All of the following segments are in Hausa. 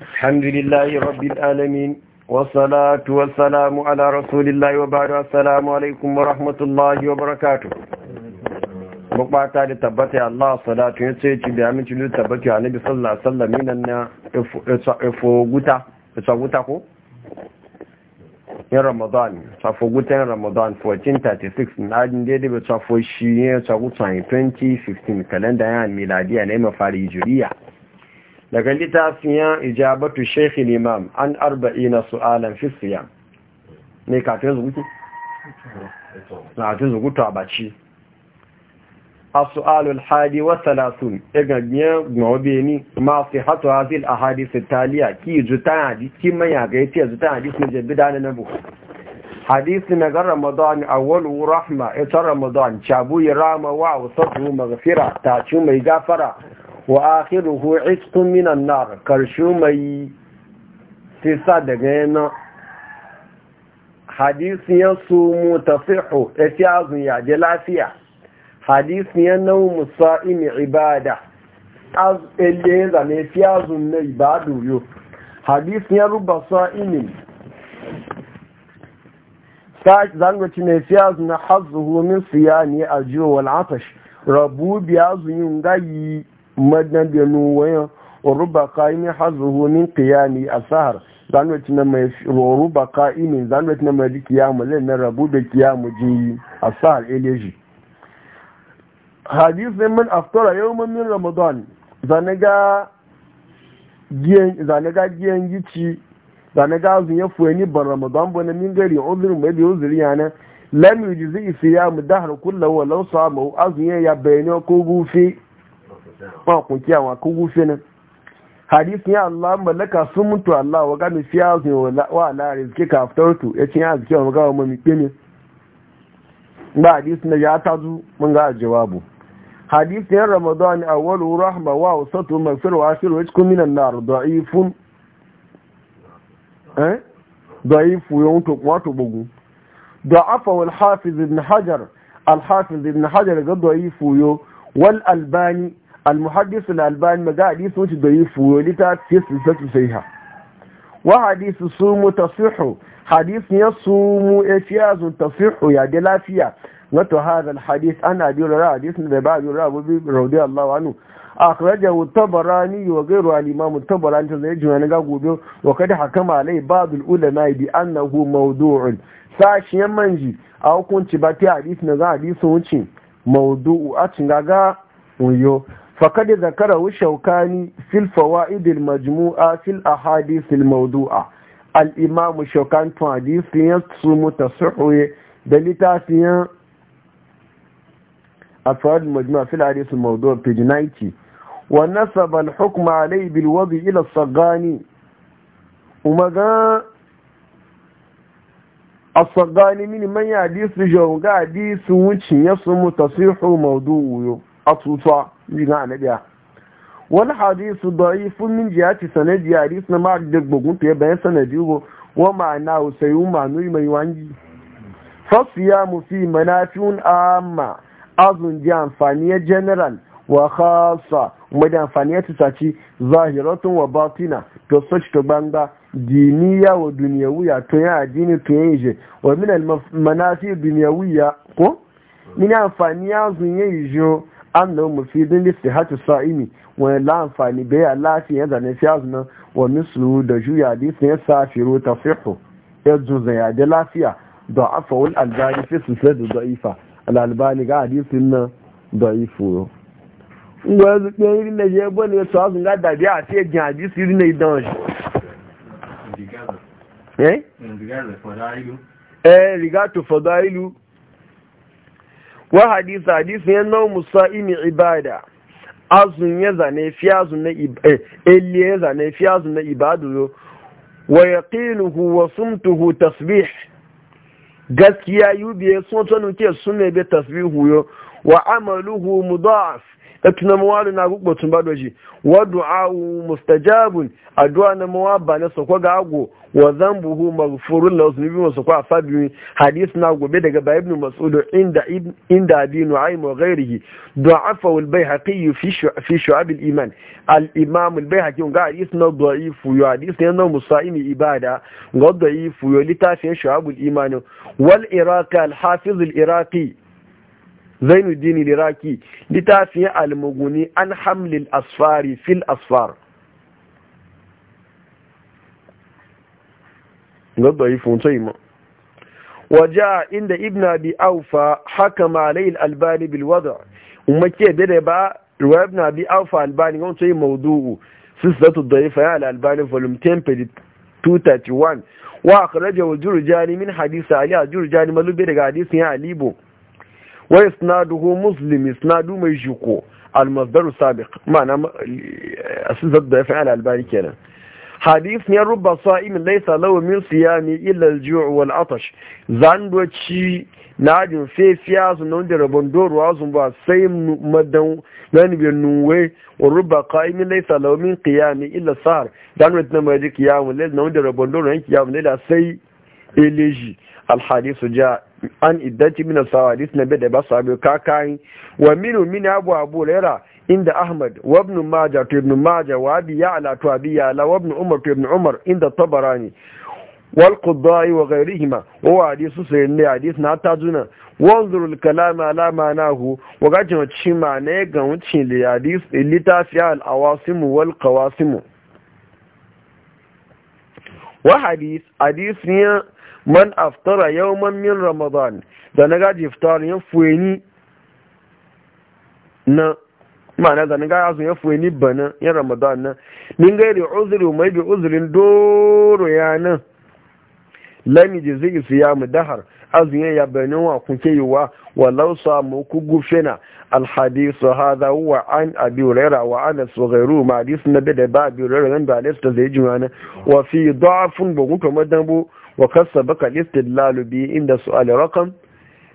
الحمد لله رب العالمين والصلاة والسلام على رسول الله وبعد السلام عليكم ورحمة الله وبركاته mabata da tabbata Allah salatu ya ce ci da aminci da tabbata ya nabi sallallahu alaihi wasallam minan na ifo guta ifo guta ko in Ramadan 1436 na ajin daidai bai safo shi ya miladiya ne mafari juriya daga littafiyan ijabatu shekhi Limam, an arba'i na su'alan fisiya ne katin zugutu? katin zuguto a baci a su'alul hadi wasalasun igagiyar e gbogbo ni masu hatu hazil a su italiya ki jutan hadi ki manya ga yace ta hadi sun jebi da na bu hadisi na gan ramadan awwalu rahma ita e ramadan cabu ya rama wa wasu wasatu magafira ta ci mai gafara wa akhiruhu iskun minan nar karshu mai sisa daga yana ya su mutafihu ya yaje lafiya hadisiyan nau musa'imi ibada az ele zane azun na ibadu yo ya ruba sa'imin sashi zangoci na azun na hazuhu min ne a jiwo wal'atash rabu biya zuyin gayi madaganu wayan ruba qaimi hazuhu min qiyami asar zanwa tina mai ruba qaimi zanwa tina mai kiyamu lan na rabu da kiyamu ji asar eleji hadis ne min aftara yawman min ramadan zanaga giyan zanaga giyan gici zanaga azun ya fueni ban ramadan bana min gari uzur mai bi uzuri yana lam yujzi siyamu dahr kullahu walau samu azun ya bayani ko gufi ba kun kiya wa kun gufe nan hadisi ya Allah malaka sun mutu Allah wa gami fiya zuwa wa la rizki ka aftartu ya ce ya zike wa gawa mami kene ba hadisi na ya tazu mun ga jawabu hadisi ya ramadan awwalu rahma wa wasatu maghfir wa ashiru yajkum minan nar da'ifun eh da'ifu kuma wato bugu da'afa wal hafiz ibn hajar al hafiz ibn hajar ga da'ifu yo wal albani المحدث الألبان مجا حديث وش ضعيف ولتا تسلسة سيها وحديث سوم تصح حديث يصوم إفياز تصح يا دلافية نتو هذا الحديث أنا أبي رأى حديث نبع أبي رأى رضي الله عنه أخرجه الطبراني وغيره الإمام الطبراني تزيجه أنا قابل وقد حكم عليه بعض العلماء بأنه موضوع sashiyan يمنجي a كنت باتي حديث hadisi حديث za a hadisi wuce فقد ذكره الشوكاني في الفوائد المجموعة في الأحاديث الموضوعة الإمام الشوكاني في حديث يتصم تصحوه دلتا في الفوائد المجموعة في الحديث الموضوع في جنايتي ونسب الحكم عليه بالوضع إلى الصغاني ومغا الصغاني من من يحديث جوغا حديث وشي يصم تصحوه موضوعه أطوطا jigan anabiya wani hadisu da'ifun min jihati sanadi hadis na ma'ar da gbogun fiye bayan sanadi ko wa ma'ana wa ma'anu mai wangi fasiya mu fi manafiyun amma azun ji amfani ya general wa khasa kuma da amfani ya tutaci zahiratun wa batina to soci to banga diniya wa duniyawiya to ya addini to ya ije wa min al manafi duniyawiya ko min amfani ya zun ijo annan mufidin lissi hatu sa'imi wani la'amfani bai alafi ya zane fi azuna wa mislu da juya lisin ya safiro ta fiho ya zuzaya da lafiya da afa wani albani fi su sai da da'ifa al'albani ga hadisin na da'ifu ngwa zuke irin na je bane ya tsazu ga dabi a sai jin hadisi irin na idan shi eh riga to fadailu wa hadisi hadisi ya nau imi ibada azun ya zane fiyazun na eh, ya zane fiyazun na ibada yo wa yaqinuhu wa sumtuhu tasbih gaskiya yubiye sun tonu ke sunne be tasbihu yo wa amaluhu mudaf tuna mawari na gugbo tun bado shi wa du'a'u mustajabun addu'a na ba na sokwa ga ago wa zambuhu maghfurun lahu zunubi wa sokwa fabi hadith na gobe daga ba ibn mas'ud inda inda abi nu'aym wa ghayrihi du'afa al bayhaqi fi fi shu'ab iman al imam al bayhaqi ga hadith na da'ifu ya hadith ne na musaimi ibada ga da'ifu ya litafin shu'ab al iman wal iraqi al hafiz zainuddin iraki littafin almuguni an hamlil asfari fil asfar gaba yi ma waja inda ibna bi aufa haka malayin albani bilwada umarke dade ba ruwa ibna bi aufa albani wani tsaye maudu'u sistatu da ya faya albani volume 10 page 231 wa akwai rajawa jurujani min hadisa ali a jurujani malubi daga hadisun ya alibo Wai isnaduhu muslim isnadu mai shiko almasdaru sabiq ma'ana eh, asizat da fa'al albani kenan hadith ne rubba sa'imin laysa lahu min siyami illa al-ju' wal atash na jin fefiya su nan da rabon doruwa sun ba sai madan nan bi nuwe wa rubba qa'imin laysa lahu min qiyami illa sahar dan wata mai ji qiyamul layl nan da rabon doruwa qiyamul layl sai eleji alhadisu ja an iddanci min sawadis na bada ba abu kakai wa minu mini abu abu lera inda ahmad wa ibn majah to ibn maja wa abi ala to abi wa ibn umar to ibn umar inda tabarani wal qudai wa ghayrihima wa hadisu ne hadis na tajuna wanzuru al-kalam ala ma'nahu wa gajin ma ne ga wucin hadis fi al-awasim wal qawasim wa hadis hadis ne man aftara yawman min ramadan da na gaji iftar ya fuweni na ma'ana da na gaji azu ya fuweni bana ya ramadan na min gairi uzuri mai bi uzurin doro ya nan lami ji zai su ya mu dahar azu ya ya bani wa kun ke yi wa walau samu ku gufina alhadisu hadha huwa an abi hurairah wa anas wa ghayru ma hadis na da ba abi hurairah nan da anas ta zai jiwa na wa fi da'fun bugu kamar dambu wa kasa baka listin lalubi inda su rakam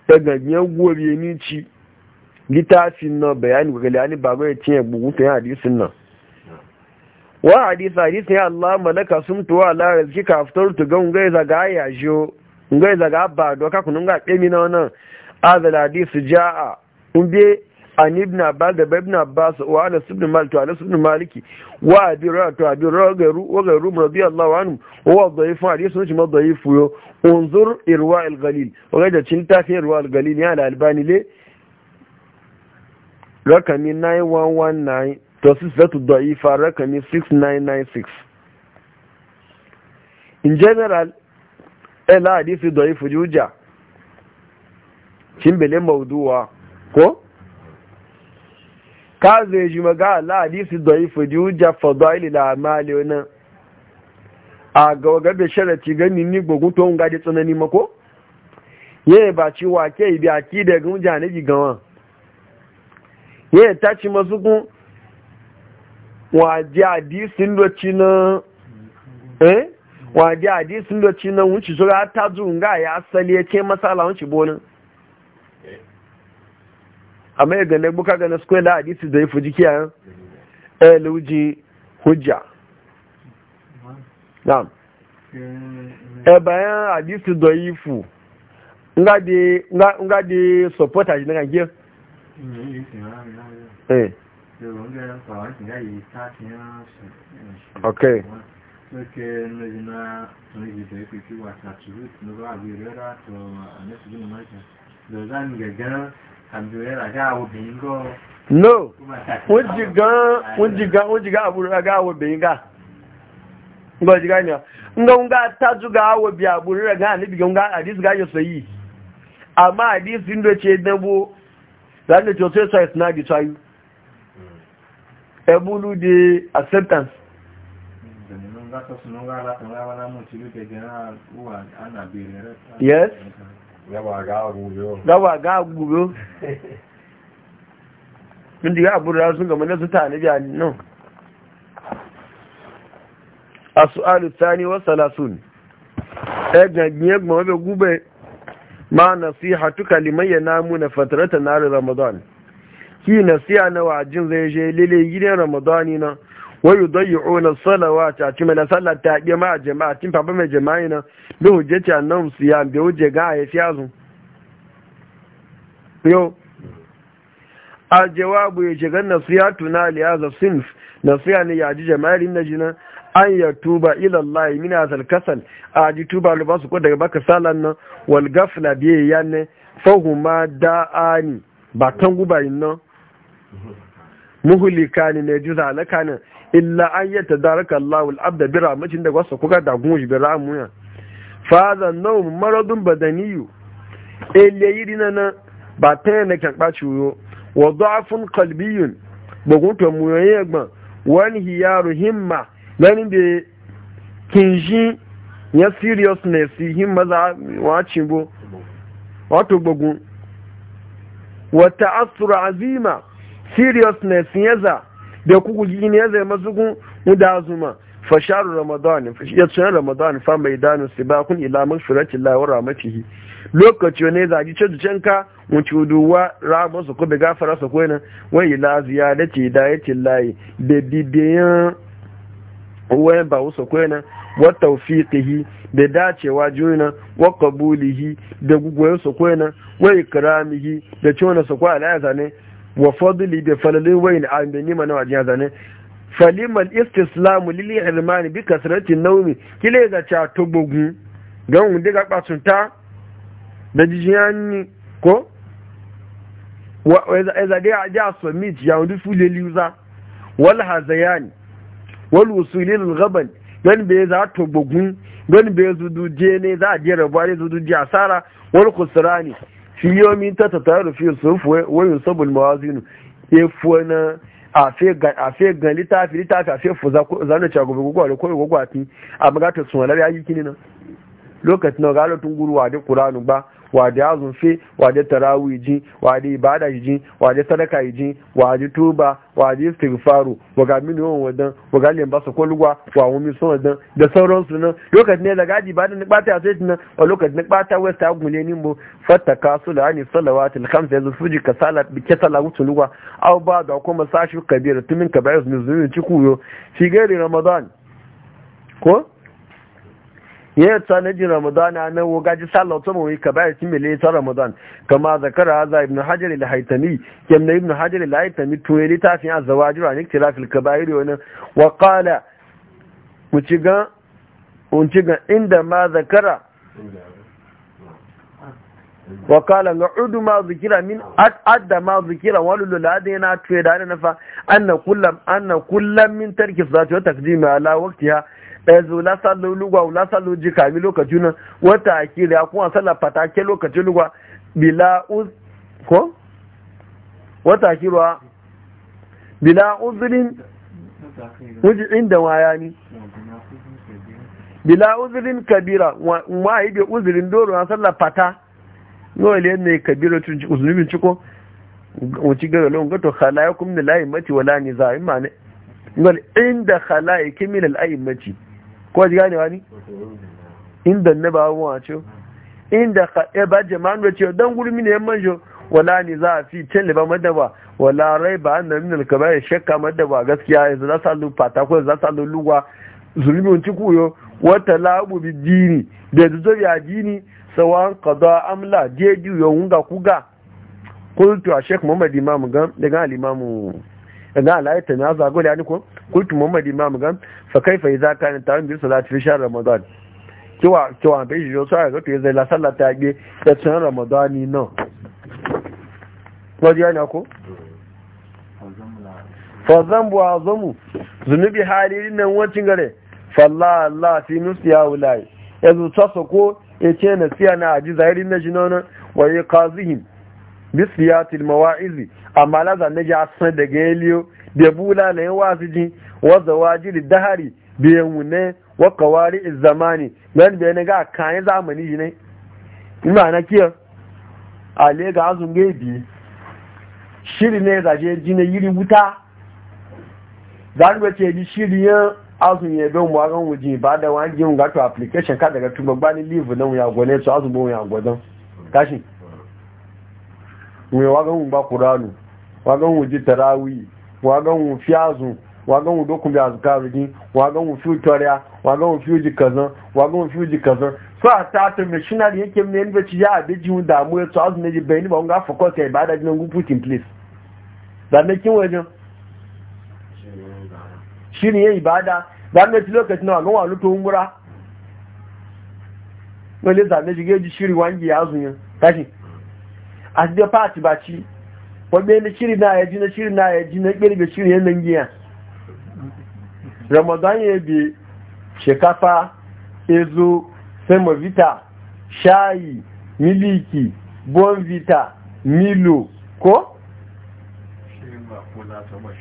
daga biyan gobe ni ci littafin nan bayani ga galani ba gwai cinye bugu ta hadisun nan wa hadisa hadisa ya Allah malaka sun tuwa lara ziki ka aftar tu ga ngai zaga ya jo ngai zaga ba doka kunun ga kemi na wannan azala hadisu jaa umbe an ibn abbas da ibn abbas wa anas ibn malik wa anas ibn maliki wa abi rawa to abi rawa gairu wa gairu radiyallahu anhu wa dhaif hadith sun shi ma dhaif yo unzur irwa al galil wa gaida cin ta fi irwa al galil ya al albani le rakami 9119 to sisatu dhaifa rakami 6996 in general ila hadisi dhaifu juja cimbele mawduwa ko ka zai ji maga Allah hadisi da ifu ji hujja fadaili la amali wannan a ga gabe sharati gani ni gogun to nga di tsanani mako ye ba ci wa ke bi akida gun jani ji gawan ye ta ci masu wa wa ji hadisin do ci na eh? wuci so ta zu nga ya asali ya ce masala wuci bonin amma ya gane buka gane su hadisi da ya fuji eluji eh, hujja eh, a no wujiga agburu ga awo beyin ga ngo jiga ni ngo nga taju ga awo bi agburu ga ni bi nga hadis ga yo sayi amma hadis ndo che dabo dan ne jo sai sai na gi sai ebulu de acceptance yes gaba ga gubo min diga abubuwa sun gama na su tani biya nan a su'alu tani wasu lasun ɗagagiyar e mawabe gube ma nasi tuka liman ya namu na fatarata na ramadan ki nasiya na wajin zai je lele gidan ramadani na wayu dayyuna salawata ti mana sallar ta ge ma jama'a tin fa mai jama'a na bi hujje ta nan su ya bi hujje ga a fi azu yo A jawabu ya shiga nasihatu na li hadha sinf na ne ya ji jama'in na jina an ya tuba ila Allah min hadha kasal a ji tuba lu basu ko daga baka salan nan wal gafla bi yanne fahuma da'ani ba kan gubayin nan muhulika ne ne juza alaka ne illa an yi daraka Allahu al-abda bi rahmatin da wasa kuka da gun bi rahmuya fa za nau maradun badaniyu ele yirina na ba ta yana kan ɓaci wuyo wa da'fun kalbiyun bugun to mu yayi wani hiyaru himma gani da kinji ya seriousness himma za a wa bu wato bugun wata asura azima seriousness yaza da kuku gini ya zai mazugun da zuma fasharu ramadan ya tsoron ramadan fa mai danu sibakun ila magfiratin lahi wa rahmatihi lokaci ne zagi ce ducen ka mu ci duwa rahmu su ko bi gafara su ko nan wa ila ziyadati hidayatin lahi da bibiyan wayan ba wasu ko nan wa tawfiqihi da dacewa juna wa qabulihi da gugwayo su ko nan wa ikramihi da cewa su ko alaya zane wa da bi falalin wayin an da nima na wajen zane falimal istislamu lil irmani bi kasrati nawmi kile ga cha to gbogun ga un de ga pasunta da jijiyani ko wa iza da ja submit ya wudu fule liuza wal hazayani wal dan be za to gbogun dan ne za a je rabuwa asara wal khusrani shi omi ta ta tare fi fuwe wayin sabon mawazinu fuwe na a fe gan litafi litafi a fe fu zanen ci gugu a da gugu a ti a magatar sun yayi kini na lokacin na galatun guruwa da kuranu ba wade azun fe wade tarawi ji wade ibada ji wade sadaka ji wade tuba wade istighfaru waga mini won wadan waga len ba su kolugwa wa won mi wadan da sauransu nan lokacin ne daga ji ibada ni bata sai tin a lokacin ni bata west agun ne mu. fattaka sulani salawatil khams yanzu fuji ka salat bi kasala wutulugwa aw ba da kuma sashi kabira tumin kabair min zuyun cikuyo shi gari ramadan ko ya ta na jin ramadan na wo gaji sallah to mu ka bai tin mele ta ramadan kama zakara za ibn hajar al haytami kam na ibn hajar al haytami to ya ta fi azwajir an iktilaf al kaba'ir wa wa qala mu ci ga ga inda ma zakara wa qala udu ma zikira min adda ma zikira wa lulu ladina tuwe da na fa anna kullam anna kullam min tarki salati wa taqdimi ala waqtiha ɗazu lasallu lugwa lasallu ji kami lokacin nan wata akiri a kuma sallar fatake lokacin lugwa bila uz ko wata akirwa bila uzurin wuji inda waya ni bila uzurin kabira ma yi bi uzurin doro na sallar fata yawale ne kabira uzunubin ciko wuci gara lon gato khalayakum min al-a'immati wala niza'in ma ne inda khalayakum min al-a'immati Kuwa ji ganewa ni inda ne ba abubuwa a ce inda ka e ba jama'an da ce don guri mini yan manjo wala ne za a fi can liba madaba wala rai ba annabi min alkabar ya shakka madaba gaskiya yanzu za su lu fata ko za su lu lugwa zulmi wanci kuyo wata labu bi jini da zuzo ya jini sawan qada amla je diyo wunga kuga qultu a sheikh muhammad imam gam daga al imamu ga la ya tamiya za go da ni ko kultu ma mu gan fa kaifa idza kana ta'am bi salati fi shahr ramadan kiwa kiwa bai jo sa ga to zai la sallah ta ge ta tsan ramadan ni no ko ji ana ko fa zambu azamu zunubi halin nan wancin gare falla la, fi nusiya wulai yanzu ta sako ya ce na siya na aji zahirin na jinona waye ya kazihim bisiyatil mawa'izi amma la zanne ja san da yeliyo da bula na yin wasiji wa da dahari biyan wune wa kawari zamani dan da ne ga kayan zamani ne ina na kiya ale ga azun bi shiri ne da je jine yiri wuta dan ba ce ji shiri ya azun ya be mu agan wuji ba da wani jin ga application ka daga tubagba ni leave na wuya gone so azun bo ya godan kashi mai wagan ba kuranu wagan ji tarawi wagan fiyazu wagan dokun bi azkaru din wagan fi toriya wagan fi ji kazan wagan fi ji kazan so a ta to missionary yake ne ne ci ya abi ji da mu to azu ne be ni ba nga focus e ba da din gu put in place da ne kin wajen shiri ya ibada da ne ti lokacin na ga walu to umura wale da shiri azu a da fati ba ci wadda na shiri na ya ji na shiri na ya ji na kirbe shiri yan nan giya ramadan ya bi shekafa ezo semovita shayi miliki bonvita milo ko?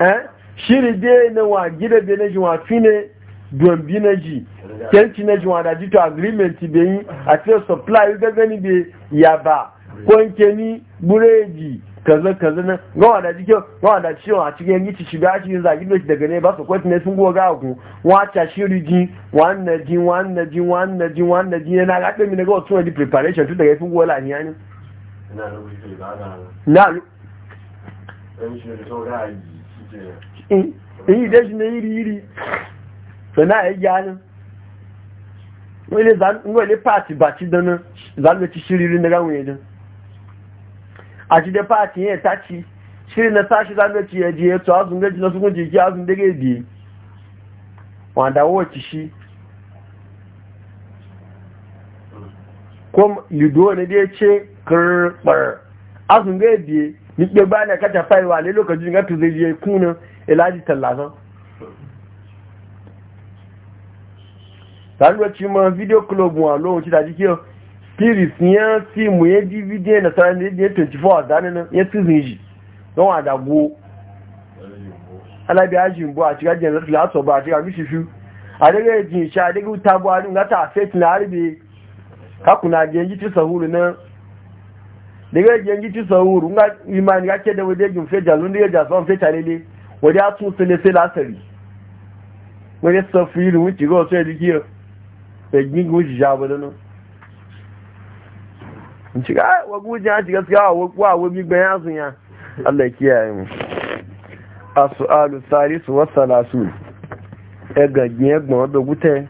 Eh? shiri dai na wa gida bai na ji wa don dombi na ji kyanci na ji wa da jito agreement bai yi a ce supply gagani ya ba. ni bureji kaza kaza na gawa da jikin gawa da ciwon a cikin yi shiga a cikin zagi da daga ne ba su kwati ne sun goga ku wata shiri ji wannan ji wannan ji wannan ji wannan ji yana ga ɗan mi daga wasu wani preparation tun daga sun gola ni yani na yi da shi ne iri iri sana ya gyanin wani wani ba ci dana ci shiri ne wani a ci da fati ya taci shirin na sashi zanen ci ya jiye to azun gaji na sukun jiki azun dage biyu wanda ci shi kom lido ne da ya ce karbar azun gaji biyu ni ɗe ba na kata faiwa ne lokacin ga tu zai je kunan ilaji tallasan sanuwa ci ma video club wa lokacin da jikiyar spirit ya si mu ya dvd na sanar da ya 24 a danin ya season shi don wa dago alabi ajin bo a cikin janar laso ba a cikin mishi fi a daga jin shi a daga wuta bu a rin gata a fetin na harbe kakuna gengi ci sahuru na daga gengi ci sahuru nga imani ake da wajen jin fe jalun da ya jasuwan fe talele wajen a tun sile sai lasari wajen safiru wuce ga wasu ya jikiyar da gingun shi jabu da nan shiga waguji ya shiga suka wa wa migban yasun ya Allah kiyaye mu as-su'alu thalithu wa thalathun e gagin egbon odo e gute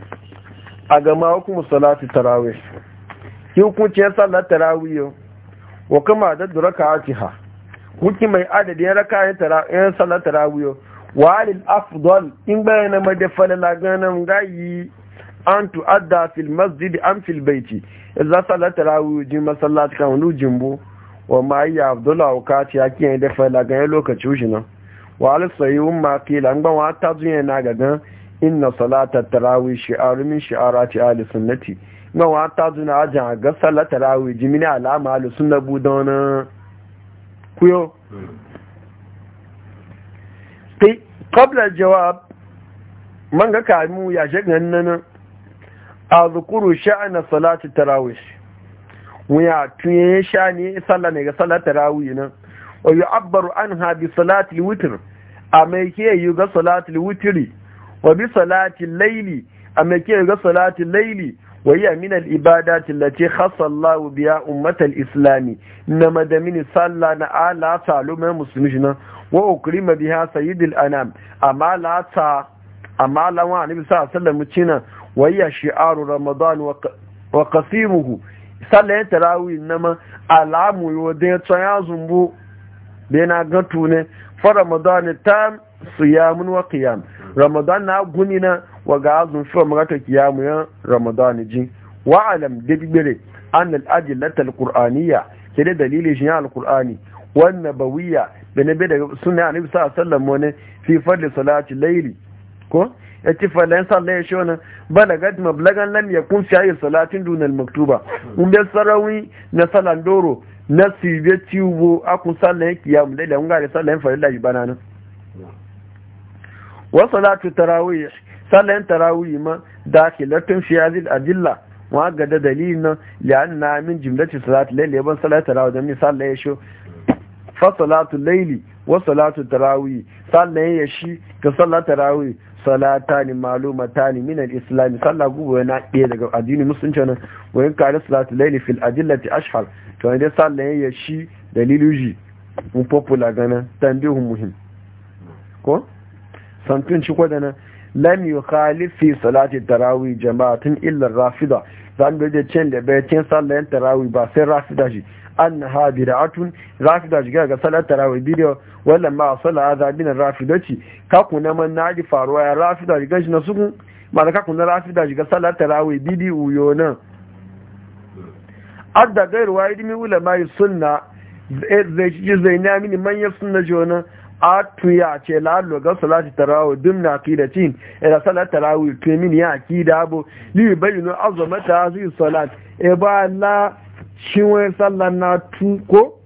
agama hukumu salati tarawih ki hukunci ya sallar tarawih yo wa kama da raka'atiha hukunci mai adadin raka'atin tarawih sallar tarawih yo wa al afdol in bayyana madafala laganan gayi an tu'adda fil masjid am fil baiti idza sallat tarawih jin masallat kan lu jimbo wa ma ya abdullah wa kati yake yin da fala ga lokaci shi na wa al sayyum ma qila an ba wa ta zuye na ga gan inna salata shi shi'aru min shi'arati ahli sunnati ga wa ta zuna aja ga sallat tarawih jimin alama ahli sunna budona kuyo qabla jawab man ga mu ya shegan nan a zukuru sha'ana salatu tarawih wuya tuye sha ne sallah ne ga sallah tarawih nan wa yu'abbaru anha bi salati witr a mai ke yi ga salati witri wa bi salati layli a mai ke yi ga salati layli wa hiya min al ibadati allati khassa Allah biha ummat al islami na madamin salla na ala salumai muslimin wa ukrima biha al anam amma la ta amma lawan annabi sallallahu alaihi wasallam cinan وهي شعار رمضان وقصيره صلى تراوي انما العام يودين تيازم بو بينا قطونه فرمضان تام صيام وقيام رمضان نا غنينا نعقننا وقعزم فرمغة قيام رمضان جي وعلم دبيري أن الأدلة القرآنية كده دليل جناع القرآني والنبوية بنبي سنة عن النبي صلى الله عليه وسلم في فضل صلاة الليل كو ya fa falayen sallah ya shi wani balagat mablagan lam ya kun fiye salatin dunal maktuba in bai sarawi na salandoro na sibe ciwo akun sallah ya kiyamu da da ngare sallah ya farilla yi banana wa salatu tarawih sallah tarawih ma dakilatun fi hadhihi adilla wa ga da dalilin nan li'anna min jumlati salati layli ban sallah tarawih da misal ya shi fa salatu layli wa salatu tarawih sallah ya shi ka sallah tarawih salatani malumatani min al-islam sallah gubo na ɗaya daga addini musulunci nan wayin kare salatu laili fil adillati ashhar to idan sallah ya shi ji mu popular gana tambihun muhim ko santun kwada kwadana lam yukhalif fi salati tarawih jama'atun illa rafida zan da cin da bayan sallah tarawih ba sai rafida shi annaha bid'atun rafi da jiga ga salat tarawih bidiyo wallan ma sala hadha bin rafidaci ka na man naji faruwa ya rafi da jiga shi na suku malaka kuna rafi da jiga salat tarawih bidiyo yo nan adda gairu wa idimi ulama sunna zai ji zai na mini manyan sunna jona atuya ce lalo ga salati tarawo dum na cin, ila salati tarawo to min ya akida bo li bayyinu azamata hazi salat e ba la shi wani sallah na tuko ko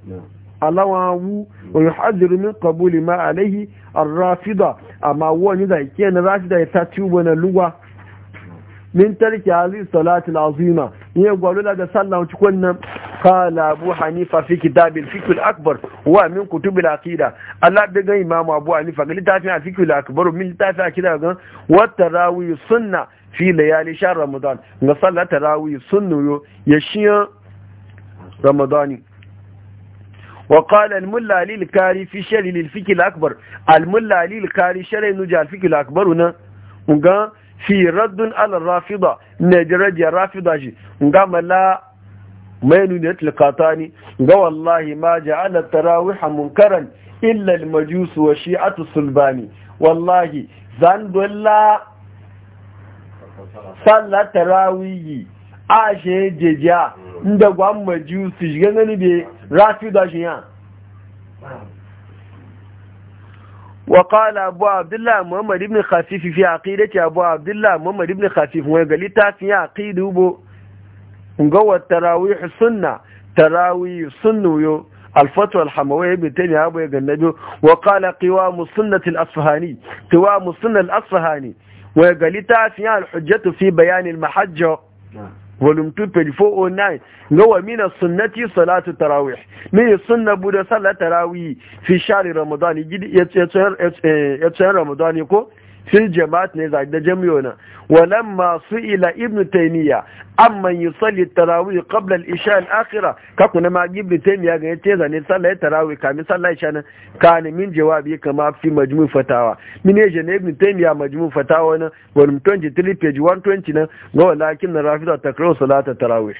alawawu wa yuhadiru min kabuli ma alaihi a rafida amma wani da ke na rafida ya ta tubo na luwa min tarki hadhihi salati al-azima ya gwalo daga sallah ci nan. Ka abu hanifa fi kitab al akbar wa min kutub al-aqida Allah daga imam abu hanifa ga littafin a fiqh al-akbar min littafin kira ga wata rawi sunna fi layali shahr ramadan ga sallah tarawih sunnu ya shiyan Ramadani. Wa ƙala al-mulla alil kari fi shari lil fiki l'akbar, al kari shari nuji al-fiki l'akbar una, nga fi raddun alar rafida, na jira jiya rafida shi, nga mala mai nuna ya tilkata ma ja ala tara wuha mun karan illal majusu wa shi atu sulbani, wallahi zan dola sallata rawi yi, a shi inda gwam maju su shiga gani bai rafi da shi ya wa kala abu abdullah muhammad ibn khafif fi aqida ta abu abdullah muhammad ibn khafif wa gali ta fi aqida bo ga wa tarawih sunna tarawih sunnu yo الفتوى الحموية ابن تيمية أبو يقنبي وقال قوام السنة الأصفهاني قوام السنة الأصفهاني ويقال لتعفيان الحجة في بيان المحجة volume 2 page 409 ga wamina mina sunnati salatu tarawih min sunna Bude salatu tarawih fi shahri ramadan ya tsayin ramadan ko fil jama'at ne zai da jami'o'na. na walan masu ila ibn taymiya amma yusalli tarawih qabla al-isha al-akhirah ka kuna ma ibn taymiya ga yace zane sallar tarawih kamin sallar isha nan ne min jawabi kama fi majmu' fatawa min ne ne ibn taymiya majmu' fatawa na volume 23 page 120 na ga walakin rafida takrar salata tarawih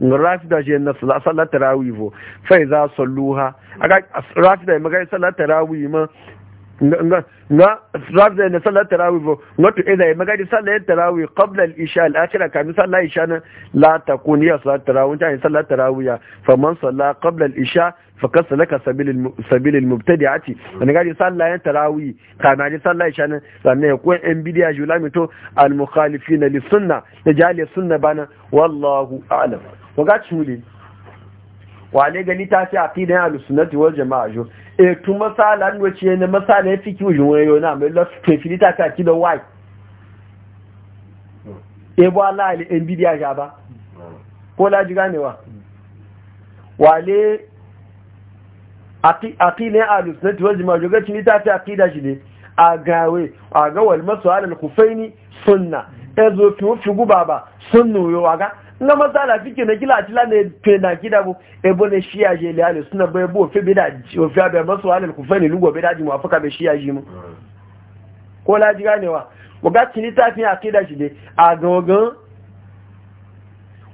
rafida je na sallar tarawih fa iza salluha aka rafida magai sallar tarawih ma na rafza na sallar tarawih ba wato idan ya magadi sallar tarawih qabla al-isha al-akhira kamin sallar isha nan la takuni ya sallar tarawih ta sallar tarawih ya fa man salla qabla al-isha fa kasalaka sabil sabil al-mubtadi'ati an gadi sallar tarawih kamin sallar isha nan sannan ya kuwa en bidiya julami to al-mukhalifina lis-sunnah da jali sunna bana wallahu a'lam wa gachi muli wale ga littafi a fi da yana lusunati wal jama'a jo e tu masala ndo ce ne masala ya ki ujun wani yau na mai lasu ke fi littafi ka ki da wai e bo ala ali en bidiya ja ba ko la ji ganewa wale a fi ne a lusunati wal jama'a jo ga ci a fi da shi ne a gawe a ga wal masu alal kufaini sunna ezo fi guba ba sunnu yau a nga masala fike na kila atila ne pe na kida bu ebo ne shiya je le ale suna bai e bo fe be da o fe abe masu ale ku fe ni lugo be da ji mu afaka be shiya ji mu ko la ji ganewa wa ga tini ta fi akida shi de a gogan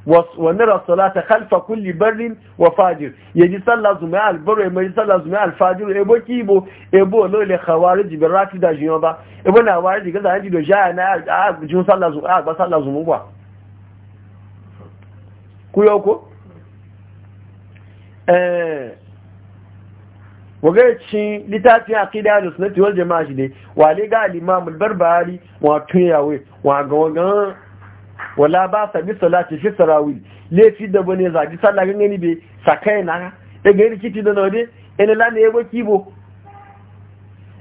wa nara salata khalfa kulli barrin wa fajir yaji sallah zuma al barru e mai sallah zuma al fajir ebo kibo ebo lo le khawarij bi rafida jiyon ba ebo na warij ga zan ji do jaya na a jun sallah zuma a ba sallah zuma ba kuyo ko eh waga ci litafi aqida da sunnati wal jama'a shi ne wale ga al-imam al-barbari wa tuyawe wa ga waga wala ba sa bi salati fi tarawih lefi da bane zagi sallah gangani be sakai na e ga rikiti da node ene la ne yebo kibo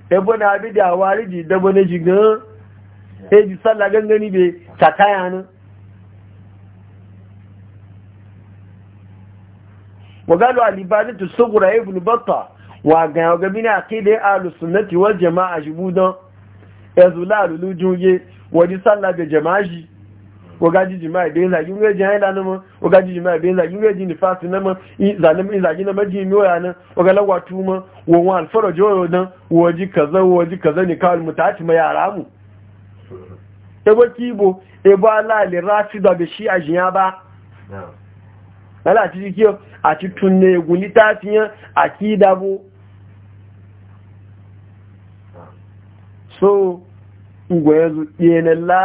e bona abi da wari di da bane jigan e ji sallah gangani be sakaya na وقالوا العبادة الصغرى ابن بطة وقالوا a عقيدة أهل السنة والجماعة جبودا يزولال لجوجي ودي صلى بجماعة wagaji jima'i da yin zagin gaji haila nama wagaji jima'i da yin zagin gaji nifasi nama zalim zagi na maji miyoya nan wagala watu ma wawan alfara joyo nan waji kaza waji kaza yara mu ebo kibo ebo ala le rafi shi a jiya ba lálẹ́ àti jíkí ọ àti túnlẹ̀ egun lítà ti yán àti ìdábò so ngwẹ̀ẹ́zù pẹ̀lẹ́lá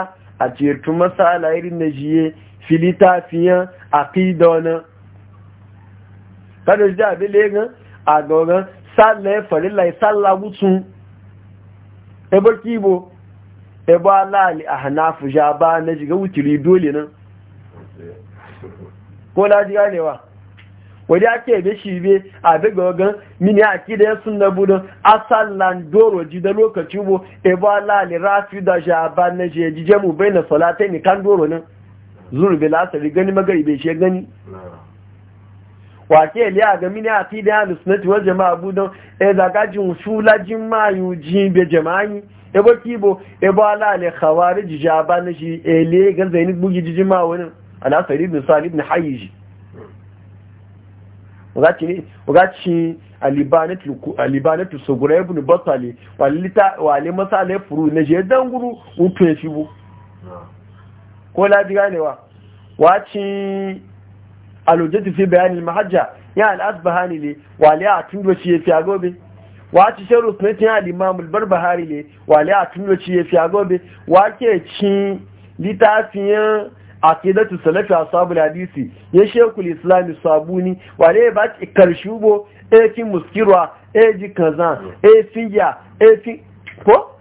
àti ètò masala irin na jiye fi lítà àti ìdọ́nà kádọ̀ sí àbílẹ̀ gan àgọ̀gán sálẹ̀ fàrílà ìsálàwútún ẹbọ́ kíbo ẹbọ́ aláàlì àhànáfù jàbá na jìgá wùtìrí dole na. ko laji ganewa wadda ake be shi be a daga wagan mini aki da ya na budon asalan doro ji da lokaci bo ebo alali rafi da shaba na shi ji jemu bai na salata ne kan doro nan zuru bai lasari gani magari bai shi gani wake liya ga mini aki da ya sunati wa jama'a budon e zagajin shulajin mayu ji be jama'i ebo kibo ebo alali khawari ji shaba na shi ele gan zaini bugi ji jima wani ana sari bin sani ibn hayyiji wagaci alibanatu sogura ibn basali wale masalai furu na je dan guru utu ya shigo ko laji ganewa wacin alojati fi bayanin mahajja ya al'asbahani ne wale a tun doci ya fi agobe wace sharu sunatin al'imamul barbahari ne wale a tun doci ya fi agobe wake cin littafiyan aqidatu salafi ashabul hadisi ya shekul islam sabuni wale ba ki karshubo e ki muskirwa e ji kaza e fiya e fi ko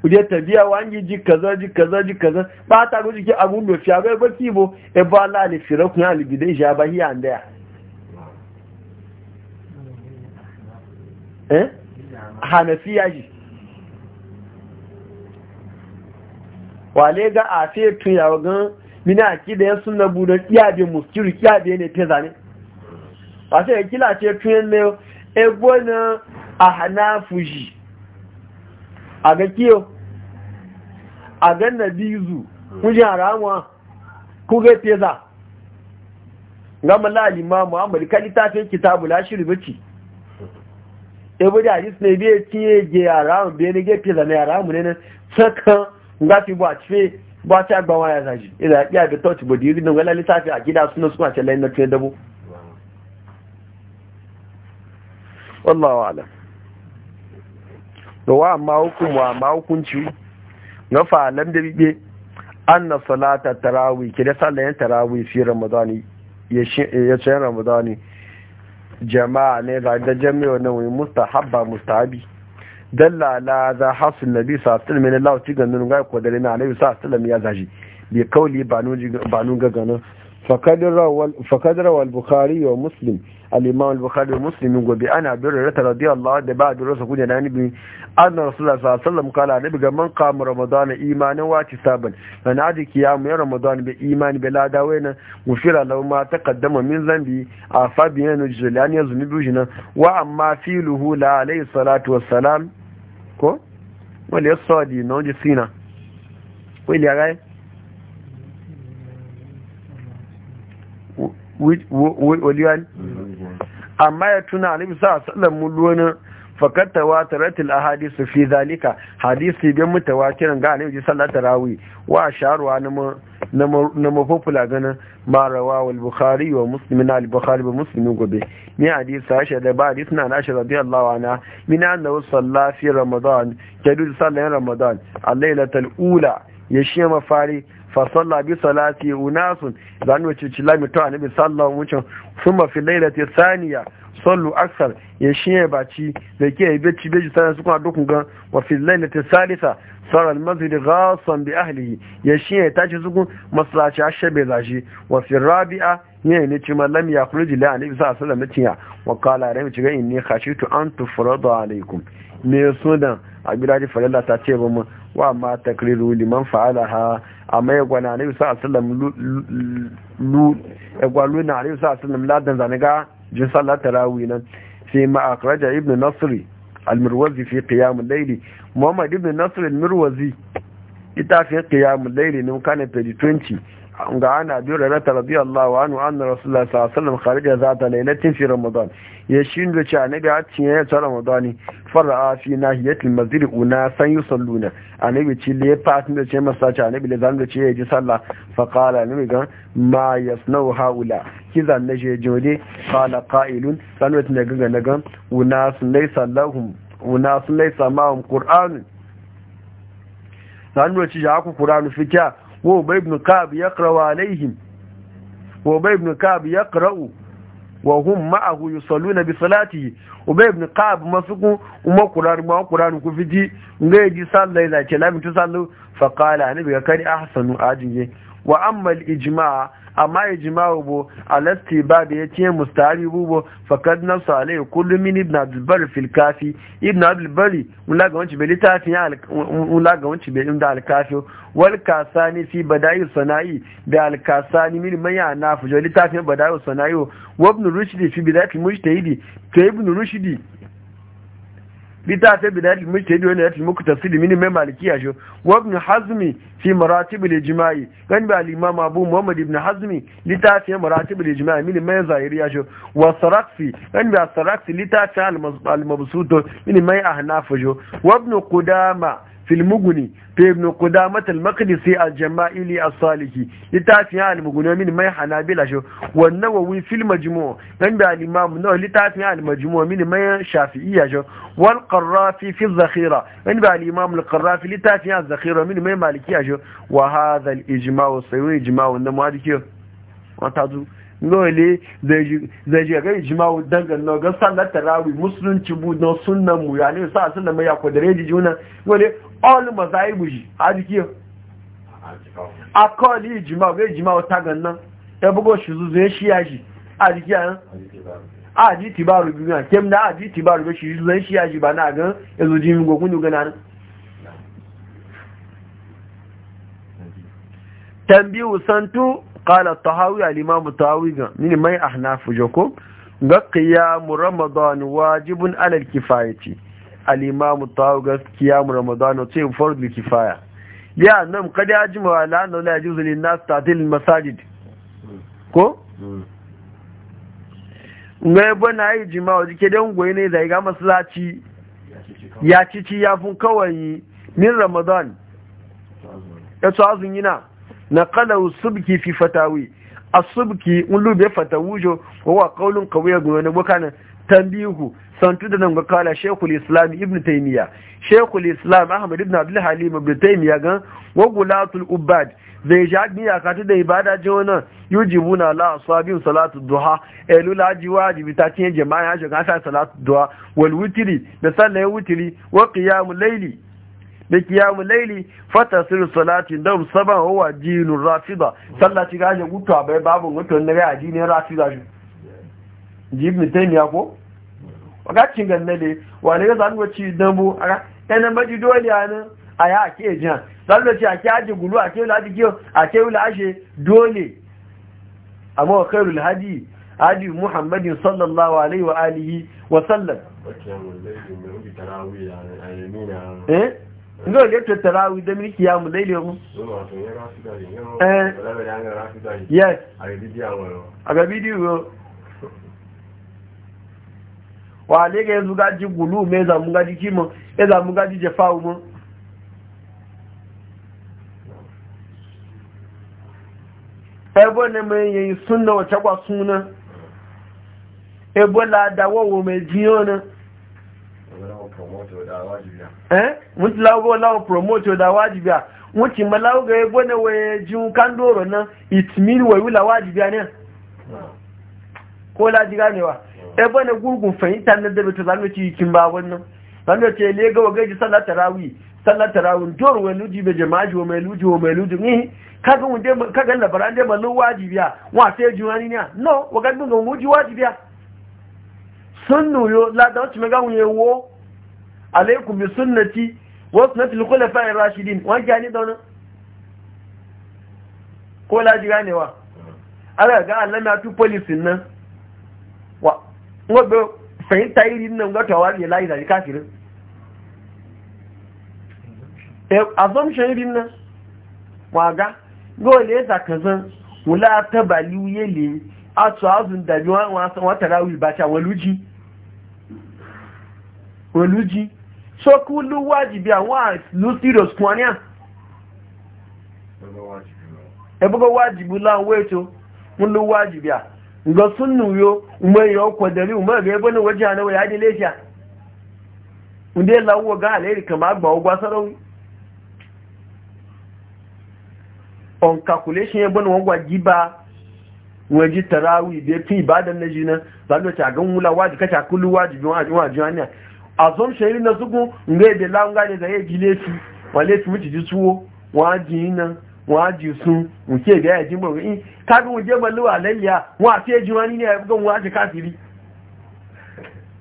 kuje tabiya wangi ji kaza ji kaza ji kaza ba ta go jiki abun do fiya ba ki bo e ba la ni firaku ya li bidai ja ba hiya ndaya eh hanafiya ji wale ga afe tun ya gan mina akida ya sunna budan kiyabe muskiru kiyabe ne te zane ba sai ya kila ce tuyen ne ego na a hanafu shi a ga kiyo a ga nabizu kujin haramuwa ku ga teza gama la'alima muhammadu kalita ta yi kitabu lashiru bace ebe da hadis ne biya cinye ge yara mu biya ne gefe zane yara mu ne na sakan ngafi ba ce ba ta agbawa ya zaji idan ya bi touch body yuri don wala lissafi a gida suna suna ce layin na tuye dabo wallawa alam da wa amma hukun wa amma hukunci na falon da bibe an na salata tarawi ki da sallayen tarawi fi ramadani ya ce ramadani jama'a ne ga da jami'a na wani mustahabba mustahabi dalla la za hasu nabi sallallahu alaihi wasallam Allah ci ganin ga ko dare na alaihi sallallahu ya zaji bi kauli banu banu ga ganin wal rawal bukhari wa muslim al-imam al-bukhari wa muslim go bi ana bi rata radiyallahu da ba da rasu kunya da nabi anna rasulullah sallallahu alaihi wasallam kala nabi ga man qama ramadan imanan wa tisaban na adi qiyam ya ramadan bi imani bi la dawena mushira law ma taqaddama min zambi jilani yanzu ni bujina wa amma filuhu la alayhi salatu wassalam ko wọ́n lè sọ ọ̀dì ìná oúnjẹ sí iná wọ́n lè ara ẹ́ wòlíwá ní àmá ẹ̀ tún fakatawa taratil ahadith fi zalika hadisi bi mutawatirin kiran ga annabi sallallahu alaihi wa ne mu. na mafafula ganin marawa wal bukhari wa muslimin al bukhari wa musulmi gobe ni hadis sashe da ba suna na nashi radiyallahu anha na. annahu salla fi ramadan da sallayen ramadan a lailatar ula ya shi mafari fasalla bi salati unasun zanu wace ci lami to annabi sallallahu wucin summa fi lailati saniya sallu aksar ya shiye baci da ke yi bacci beji sana su kuma dukun gan wa fi lailati salisa sarar masjid ghasan bi ahlihi ya shiye tashi su kun masallaci ashe bai zashi wa fi rabi'a yayin ne ci mallam ya kula jila annabi sallallahu alaihi wasallam ya wa qala rami ci ga inni khashitu an tufradu alaikum me sunan a gidaje falalla ta ce ba mu wa ma takriru liman fa'alaha amma ya gwana ne sa sallam lu ya gwalu na ne sa sallam dan zaniga jin sallar tarawih nan sai ma akraja ibn nasri al-mirwazi fi qiyam al-layl muhammad ibn nasr al-mirwazi ita fi qiyam al-layl nan kana 20 ga ana biyu rarata radiyallahu anhu anna rasulullah sallallahu alaihi wasallam kharaja zata lailatin fi ramadan ya shindu cha annabi a cikin ya tsara ramadani fara'a fi nahiyatil masjid una san yusalluna annabi ci le fatin da ce masa cha annabi le zan da ce ya sallah fa qala annabi ga ma yasnau haula Kiza, ne je jode qala qailun sanwat ne ga na ga una sun laysa lahum una sun laysa ma'um qur'an sanwat ci ya ku qur'an وأبي بن كعب يقرأ عليهم وأبي بن كعب يقرأ وهم معه يصلون بصلاته أبي بن كعب مسكو وما قرآن ما قرآن كفدي نجي صلى إذا كلام تصلوا فقال أنا بكاري أحسن أجي وأما الإجماع amma ya ijma'u bo alasti ba da ya ce mustari bubo fakad na sale kullum min ibn abdulbari filkafi ibn abdulbari mula bai littafi ya ga bai inda alkafi wal kasani fi badayu sana'i da alkasani min manya na fujo littafin badayu sana'i wa ibn rushdi fi bidayatul mujtahidi to ibn rushdi littafin bidayat al-mujtahid wa nihayat al-muqtasid min imam malikiya shi wa ibn hazmi fi maratib al-ijma'i kan bi al-imam abu muhammad ibn hazmi littafin maratib al-ijma'i min imam zahiriya shi wa sarakfi kan bi sarakfi littafin al-mabsut min imam ahnaf shi wa qudama في المغني في ابن قدامة المقدسي الجمائلي الصالحي لتاتي المغني من مي حنابلة شو والنووي في المجموع عند الإمام النووي لتاتي المجموع من مي شافعية شو والقرافي في الذخيرة عند الإمام القرافي لتاتي الذخيرة من مي مالكية شو وهذا الإجماع الصيوي إجماع النمو هذا كيو lole zai ji gari jima'u dangan na ga sallar tarawih musulunci bu na sunan mu ya ne sa sunan mai ya da reji juna lole all mazai buji a jiki a akọọlì jima'u gari jima'u tagan ganna ya e bugo shi zuzu ya shi ya shi a jiki yan a ji tibaru biyu na kem na a ji tibaru ga shi zuzu ya shi ya shi ba na gan ya e zuji jimin gogun gana nan tambiyu santu قال الطهاوي al الطهاوي من ما mini mai ahnafu رمضان واجب على ramadan wajibun الطهاوي al رمضان al فرض tahawi يا نم ramadan ce fard لا kifaya ya nam المساجد كو ala anna la ngai yi jima'o jike don goyi ne zai ga masallaci ya cici ya fun kawai ni ramadan ya tsazu yana نقله السبكي في فتاوي السبكي ولو بفتاوجه هو قول قوي غنى وكان tambihu santu da nan ga kala islam ibn taymiya shekul islam ahmad ibn abdul halim ibn taymiya gan wa gulatul ubad zai ja ya katu da ibada je wannan yujibuna la asabin salatu duha elu la ji wajibi ta cin jama'a ya shiga salatu duha wal wutiri da sallar wutiri wa qiyamul layli da kiyamu laili fata sirri salati dam saban wa jinun rafida Sallaci gaje gutu bai babu mutun ne ga ne rafida shi jibni taymiya ko waka cingan ne wani ga zanuwa ci a aka kana maji dole yana ya ake jihan sallaci ci ake gulu ake wula aji kiyo ake wula ashe dole A mawa kairul hadi hadi muhammadin sallallahu alaihi wa alihi wa sallam eh ngo le to tarawi da miliki ya mu daile mu eh yes aga bidiyo wa le ga yanzu ga ji gulu me za mu ga ji kimo e za mu ga ji jefawu mu ebo ne me yin sunna wata kwa sunna ebo la dawo wo me jiyo eh mutu lawo lawo promote da wajibiya mutu malawo ga yabo na waye jin kandoro nan itimini wa wayu la wajibiya ne ko la ji ganewa e eh, ne gurgun fahimta na da bata zamu ci kin ba wannan zamu ce le ga waje ji sallar tarawih sallar tarawih dor wai luji be jama'aji wa mai luji wa mai luji ni kaga mun dai kaga labaran dai mallu wajibiya wa sai juwani ne no waga dun ga muji wajibiya sun nuyo la da wacce mega mun wo. alaikum bi sunnati wa sunnati al-khulafa'i ar-rashidin wa gani da wannan ko la ji wa ala ga Allah na tu policy nan wa ngobe sai tayiri nan ga tawa ne lai da kafirin eh assumption din nan wa ga le gole zakazan wula tabaliu yele atu azun dabi wa wa tarawih ba ta waluji waluji sókú ló wájìbí àwọn àìlú serious fún ọ̀nà ẹgbogbo wájìbí láwọn ètò ń ló wájìbí à ǹgọ́ súnnù yóò mọ èèyàn ọkọ̀ dẹ̀rí mọ́ ẹ̀rẹ́ ẹgbẹ́ náà wọ́jẹ́ àná wọ́yá délé on náà wọ́n gbà jíba wọ́n jí wájì wájì bí wọ́n azom na zugu nge de langa ne da ye gilefi wale ti muti jisuwo wa ji na wa ji sun mu ga jimbo in ka ga je malu alalya wa te juwani ne ga wa ji kafiri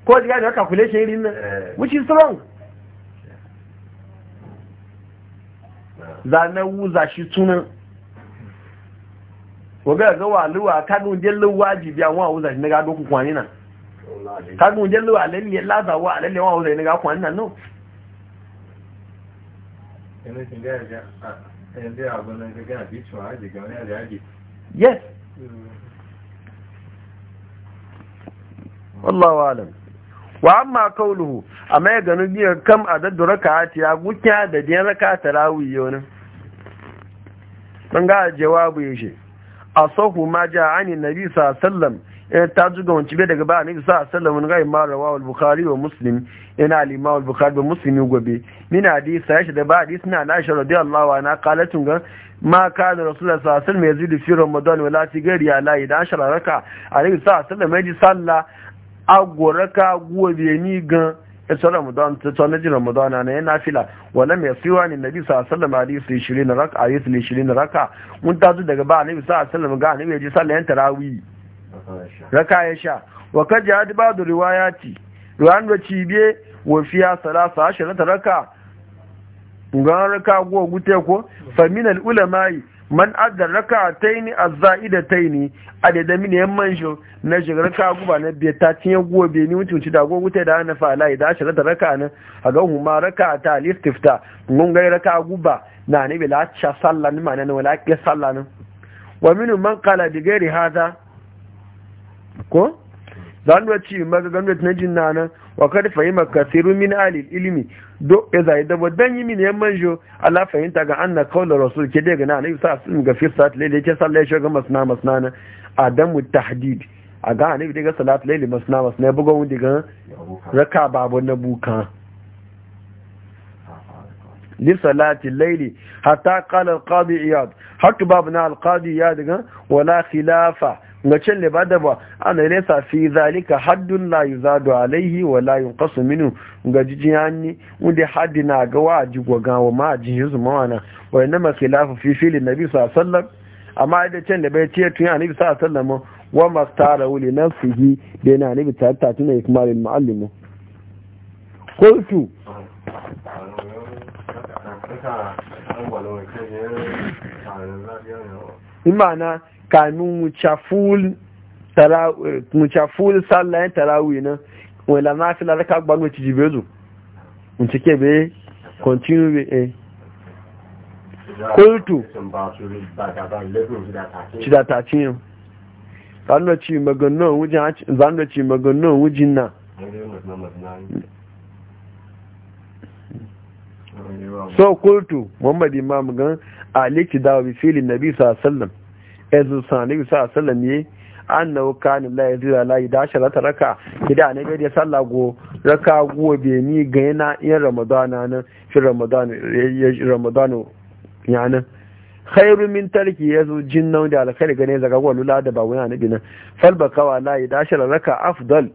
ko diga da calculation sheri na which is wrong za wuza shi tunan waga ga waluwa kanu je ji biya wa wuza shi na ga dokun kwani na kagun jello alele lazawa alele wa o ne ga kwan nan no yes wallahu alam wa amma kauluhu amma ya biyar kam adaddu raka'ati ya gukya da din raka'a tarawih yonin dan ga jawabu A asahu ma ja'a nabi sallallahu Eh, ta zuga wanci bai daga bayan a sallallahu alaihi wasallam gai marawa wal bukari wa muslim ina al-imam bukari wa muslim gobe min hadisi sai shi da ba hadisi na Aisha radiyallahu na kalatun ga ma da rasulullah sallallahu alaihi mai yazidu fi ramadan wa ya layi da idan shara raka sa a alaihi ya ji salla agoraka gobe ni gan tsara ramadan ta tsana ji ramadan na yana fila wala mai tsiwa ne nabi sallallahu alaihi wasallam hadisi 20 raka hadisi 20 raka mun tazu daga ba nabi sa alaihi wasallam ga nabi ji sallah yan tarawih raka ya sha wa kan ya ba da riwayati ruwan da cibiye wa fiya salasa ashirin ta raka ga raka guwa gute ko faminal ulamai man adda raka a taini azzaida taini adada 'yan yamman jo na shiga raka guba na biya ta cinye gobe ni wuce da guwa gute da na fala da ashirin ta raka nan a ga huma raka ta listifta mun ga raka guba na ne bila cha sallan ma nan wala ke sallan wa minu man kala bi ghairi ko zan da ci maga ganda na jin nana wa kad fahima kathiru min alil ilmi do ya e zai da wadan yi min yan manjo Allah fahimta ga anna qawla rasul ke daga na annabi sa sun ga fisat lele ke sallai shi ga masna masna adamu tahdid a ga annabi daga salat lele masna masna buga wani daga raka babu na buka لصلاة الليل حتى قال القاضي إياد حق بابنا القاضي إياد ولا خلافة ga cin libada ba ana nesa fi zalika haddun la yuzadu alaihi wa la yunqasu minhu ga jijin wanda haddi na ga wa ji goga wa ma ji yuzu mawana wa inna ma khilafu fi fili nabi sallallahu alaihi wasallam amma da can da bai ce tun annabi sallallahu alaihi wasallam wa mastara li nafsihi da yana annabi ta ta tuna ikmalul muallimu qultu imana kanu muchaful tara muchaful sallayen tarawih na wala na fi laraka gbanu ti jibe zo in cike be continue be eh kultu cida ta ciyo zanuwa ci maganon wujin zanuwa ci maganon wujin na so kultu Muhammadu imam gan aliki dawa bi filin nabi sallallahu alaihi wasallam ezu sani sa sallam ye annahu kana la da la idashara taraka kida ne bai da go raka go be ni ga na in ramadana nan shi ramadana ya ramadana yana khairu min tarki yazu jinnan da alkhairi gane zaga go lula da ba wani nabi nan fal bakawa la idashara raka afdal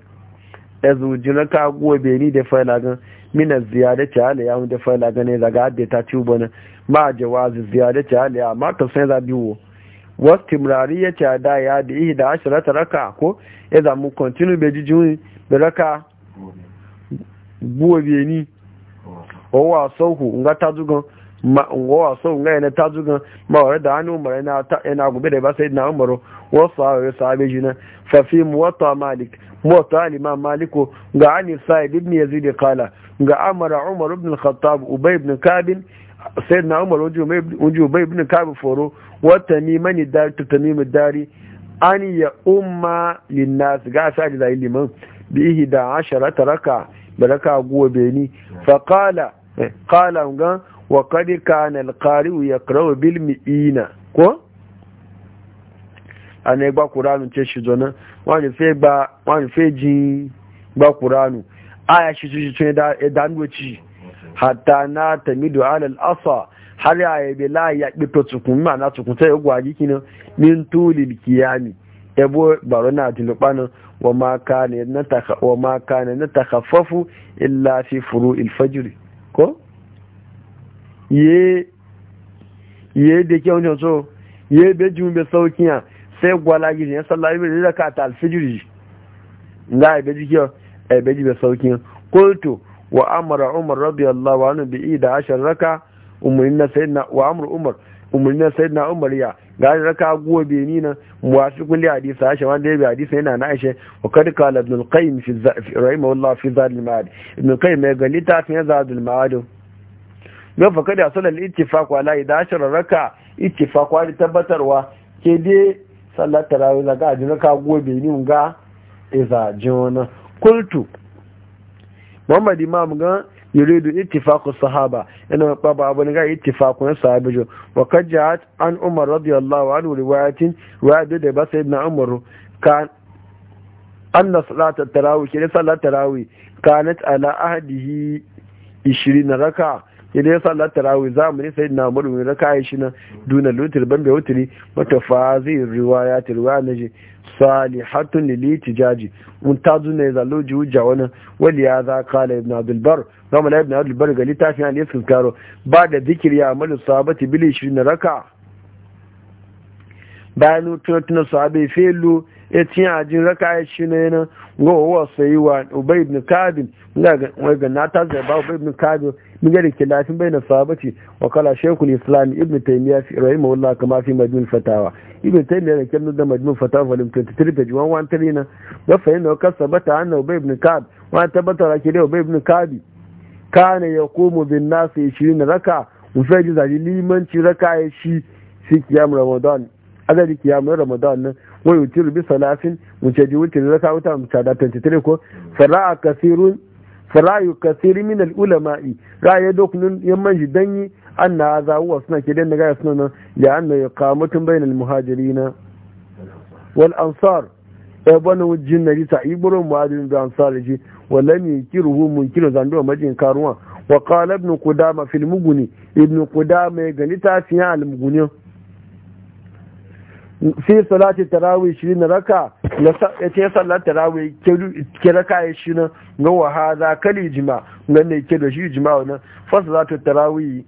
yazu jinaka go be ni da fa'ila gan mina ziyadati ala ya da fa'ila gane zaga da ta ci bana ma jawazi ziyadati ala ma ka sai za biwo wastimrari ya ce da ya da ihi da ashirata raka ko ya zamu kontinu bai da raka buwa beni wawa sauku nga ta nga yana ta da hannu umar yana gobe da ba sai na umaru wasu jina fafi malik alima maliko ga ani kala ga amara umar ibn khattab ubay kabin sai na umar wajen ubai ibn kabi foro wata mani dari ta nemi dari an ya umma linnas ga sa da zai liman bi ihi da ashara taraka da raka gobe ni fa qala eh, qala ga wa qad kana al qari yaqra bil mi'ina ko ana gba qur'anu ce shi zona wani fe gba wani fe jin gba qur'anu aya shi shi tun da dan wuci hatta na tamidu alal asa har ya yabe la ya bito tsukun ma na tsukun sai gwagi ne min tulil kiyami ebo barona tilbana wa ma kana nataka wa ma kana natakhaffafu illa fi furu'il fajr ko ye ye de ke onjo so ye be jumbe saukiya sai gwala gidi ya sallahi bi da ka ta alfijiri ngai be jikiyo e be jibe e saukiya qultu wa amara umar radiyallahu anhu bi ida ashar raka umurina sayyidina wa amru umar umurina sayyidina umar ya ga raka gobe ni nan wa su kulli hadisi aisha da ya hadisi yana na aisha wa kad qala ibn al-qayyim fi rahimahu allah fi al ma'ad ibn al-qayyim ya ga litafin al ma'ad ga fa kada asal al-ittifaq wa la ida ashar raka ittifaq wa tabbatarwa ke dai sallar tarawih ga ajin raka gobe ni ga iza jona kultu muhammad imam ga yuridu ittifaqu sahaba yana baba abu ne ga ittifaqu na sahaba jo wa kajat an umar radiyallahu anhu riwayatin wa da ba ibn umar kan anna salata tarawih kire salat tarawih kanat ala ahdihi 20 raka'a idan ya sallar tarawih za mu ne sai na umar mai raka shi na duna lutar ban bai wuturi mata fazi ya ta riwaya na ji hatun lili tijaji mun ta zuna ya zalo ji hujja wani wani ya za kala ibn abdulbar mu na ibn abdulbar ga littafin alisun karo ba da zikir ya malu sabati bili shi na raka bayan tunan tunan sahabai felo ya ci ajin raka ya shi ne na ga wa sai wa ubay ibn kabin ga ga na ta zaba ubay ibn kabin min ga kilafin bayna sahabati wa kala shaykhul islam ibn taymiya fi rahimahullah kama fi majmu' fatawa ibn taymiya ne kallu da majmu' fatawa volume 23 page 113 na ga fa yana ka sabata anna ubay ibn kab wa tabbata rake da ubay ibn kabi kana yaqumu bin nas 20 raka mun fa ji zali limanci raka ya shi shi kiyam ramadan azali kiyam ramadan nan Wai yutiru bi salafin wuce ji wuce da ka wuta mu da 23 ko fara'a kasirun farayu kasiri min al ulama'i ra'ayi dokunin yamman ji danyi anna za huwa suna ke dan daga suna ya anna yaqamatun bainal muhajirina wal ansar e bana jinna ji ta ibro muhajirin da ansar ji mun yukiruhu zan zando majin karuwa wa qala ibn qudama fil mughni ibn qudama ga litafiya al mughni fi salati tarawih shi na raka ya ce salati tarawih ke raka ya shi nan ga wahaza kali jima nan ne ke da shi jima wannan fasa za ta tarawih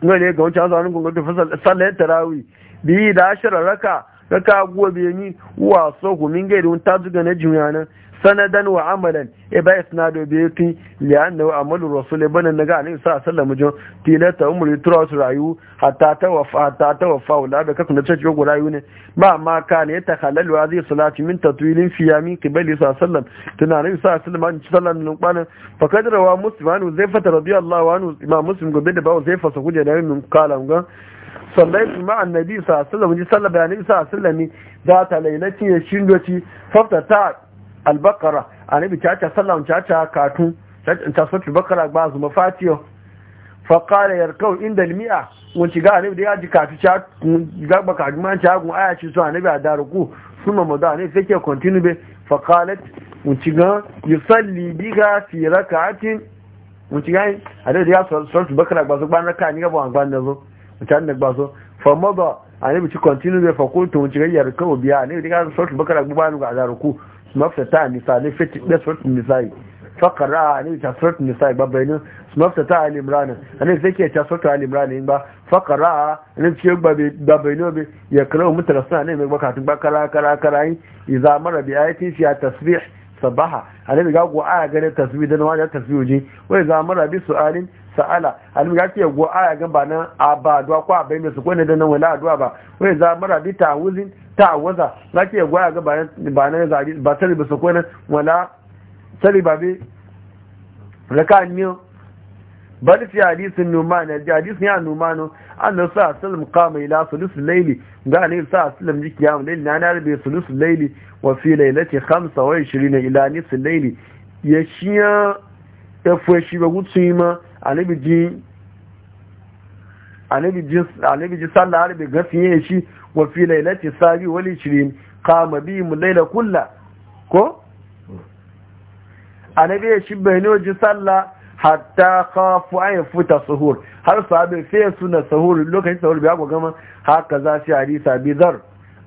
nan ne ga wancan zanen gungun ta fasa sallar tarawih biyi da ashirar raka raka guwa biyani wasu hukumin gairi ta zuga na jimya nan sanadan wa amalan e ba isnado bi yati li annahu amalu rasul e bana naga alayhi sallallahu alaihi wasallam tilata umri turasu rayu hatta tawaffa hatta tawaffa wala da kasu na ce go rayu ne ba ma ka ne ta hadhihi salati min tatwilin fi yamin qibali sallallahu tana nabi sallallahu alaihi wasallam nan kwanan fa kadrawa musliman zaifa radiyallahu anhu imam muslim da bawo zaifa sa kuje da min kala ga sallaitu ma annabi sallallahu alaihi ji sallaba ya nabi sallallahu alaihi da ta ya shindoci fafta albakara annabi caca sallam caca katun ta sofi bakara ba su mafatiyo faƙara yarkau inda limiya wacce ga annabi da ya ji katu ga baka man cagun aya ci su annabi a daruku sun mamadu annabi sai ke kontinu be faƙalat wacce ga yusalli biga fi raka'atin wacce ga annabi da ya sofi bakara ba su ban raka ni ga ban ban da zo wacce annabi ba zo fa mada annabi ci kontinu be fakultu wacce ga yarkau biya annabi da ya sofi bakara ba ban ga daruku mafsata misali fiti da suratun misali fakara ni ta suratun misali ni mafsata ali imran ani sai ke ta suratun ali imran in ba fakara ne ce babbaino bi ya kira mutar sana ne mai bakatun bakara kara kara yi idza mara bi shi fi tasbih sabaha ani ga go aya ganin tasbih dan wani tasbih ji wai za mara bi su'alin sa'ala ani ga ce go aya ga ba abadu akwa bai ne su ko ne nan wala adwa ba wai za mara bi ta'awuzin ta'awaza zaki ya gwaya ga ba na zari ba tare ba sako nan wala tare ba be rakan ne da fi hadisin numana da hadisin ya numano annabi sallallahu sa wasallam qama ila sulusul layli ga ne sa alaihi wasallam jiki ya layli na na rabe sulusul layli wa fi laylati 25 ila nisfil layli ya shiya ya fuwe shi ba gutsu ma annabi ji annabi ji sallah harbe gafiye shi wa fi lailati sabi wal 20 qama bihim layla kulla ko anabi shi shibbe ne wajen sallah hatta khafu an futa suhur har sahabe sai suna suhur lokacin suhur biya goma haka za shi hadisi abi zar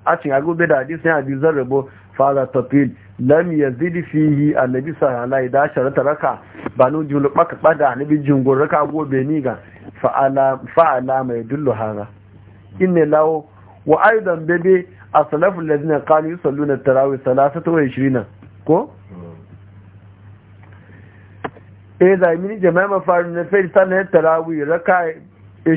a cikin agobe da hadisi ne abi zar rabo fara tafil lam yazid fihi annabi sallallahu alaihi da raka banu julu baka bada annabi jungur raka gobe ni ga fa'ala mai dullu hara inna lawo wa aidan bebe a salafin lazina kanu yi sallu na tarawih salasata wa shirina? ko? e eh, zaimini jama'a mafarin na fai sanar tarawih raka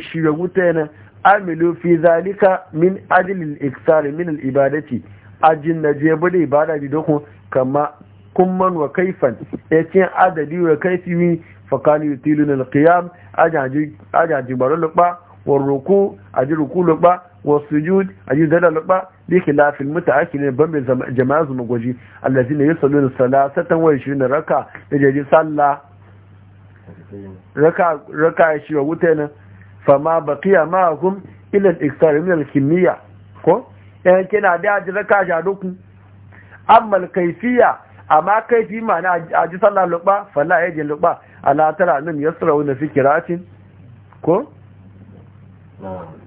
shirya wuta yana amilu fi zalika min ajilil iksari min al'ibadaci ajin na jebu da ibada da dokun kama kumman wa kaifan ya ce adadi wa kaifi fakani yutilu na alkiyam ajaji baro lukpa wa ruku aji ruku lukpa والسجود أجيب ذلك لقبة بخلاف المتأكلين بمن جماز المقوجي الذين يصلون ثلاثة وعشرين ركعة يجي صلى ركع ركع يشير وتنا فما بقي معهم إلا الإكثار من الكمية كو يعني كنا دي أجي ركع جادوكم أما الكيفية أما كيفية ما أجي صلى لقبة فلا يجي لقبة ألا ترى أنهم يصرون في كراتين كو نعم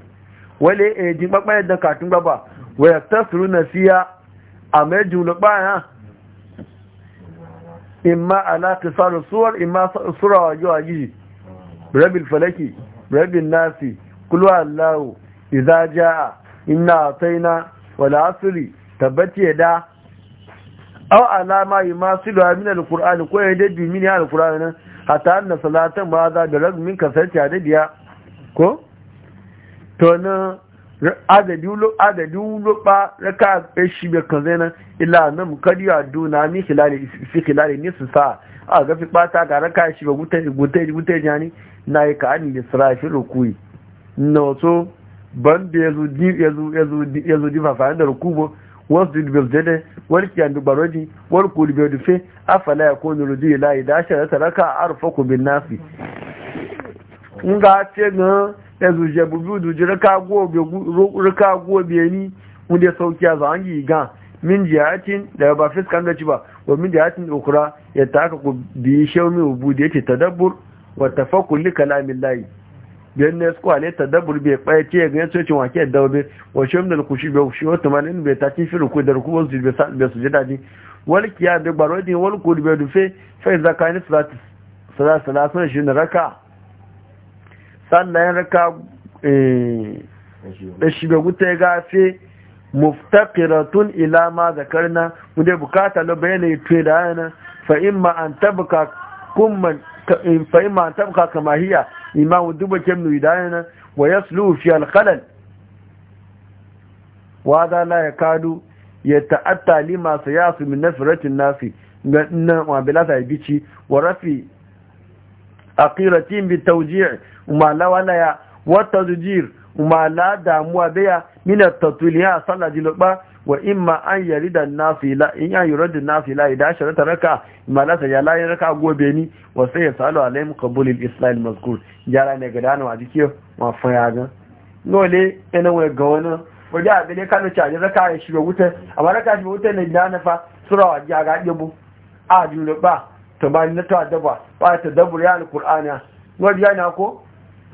wale e ji papa yadda katun baba wa yaktasiruna fiya amma jumla baya imma ala tisalu suwar imma sura wa jiwa giji rabbil falaki rabbin nasi kulwa allahu idza jaa inna ataina wal asri tabbati da. aw alama yumasilu min alqur'ani ko yadda bi min alqur'ani hatta anna salatan ma za bi ragmin kasarci da biya ko to na adadin lokpa raka e shi bai kan zai nan ila nan a duna ni hilali fi hilali ni su sa a gafi bata ga raka shi ba gutai jani na yi e ka ni lisra e fi rukui na wato ban da ya zo di fayan da rukubo wasu di dubu jade wani kiyan dubarodi wani kudu bai dufe afala ya kone rudu ila idan shi raka a arfa ku bin nasi nga ce na ya zuje biyu duji raka gobe ni da sauki a zangi ga min jihatin da ba fiskan da ci ba wa min da ukura ya ta aka ku biyi shaumi ubu da yake tadabbur wa tafakkur li kalamin layi biyan ne su kwale tadabbur bai kwaye ce ga yaso cin wake da wabe wa shaumi da kushi bai kushi wata manin bai ta cikin ruku da ku wasu bai su ji daji wal kiya da gbarodi wal kudu bai dufe fa zakani salatu salatu salatu shi na raka sannan raka da eh, shiga guta gafe muftaqiratun ila ma zakarna mude bukata na bayanai tuwe da yana fa imma an tabka kumman eh, fa imma an tabka kama hiya imam duba kemnu idayana wa yaslu fi al wa da la yakadu yata'atta ya sayasu min nafratin nafi ga nan wa bilata bici wa rafi aqiratin bi tawji' umala ya wata zujir umala damuwa biya mina ya sallah jiloba wa ma an yari da nafila in ya da nafila idan ta raka imala ta ya layin raka gobe ni wa sai ya salo alaihim qabul al-islam mazkur yara ne ga dano a jike ma fayaga nole ina wai ga wani wajen a da kano cajin raka ya shiga wuta amma raka shiga wuta ne da na fa surawa ya ga ɗebo a jure ba to ba ni na ta dabba ba ta dabur ya alƙur'ana wajen yana ko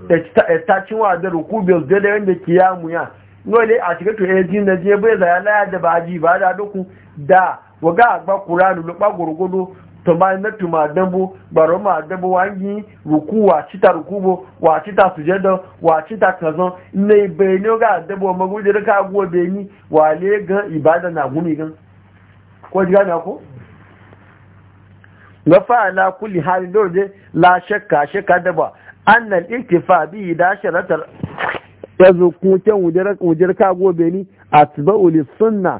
Eh, ta eh, cin wa da ruku biyu da da yadda ke ya muya dole a cikin to yanzu eh, na je bai zaya laya da baji ba da duku da waga agba kuranu lupa gurgudu to ma na tuma dambu baro ma dambu wangi ruku wa cita bo, wa cita sujada wa cita kazan ne bai ne ga ma gudu da ka go be ni wa le ga ibada na gumi gan ko ji na ko na fa ala kulli halin dole la shakka shakka daba annal iktifa bi da sharatar ya zo kuma wujar ka gobe ni a tuba uli sunna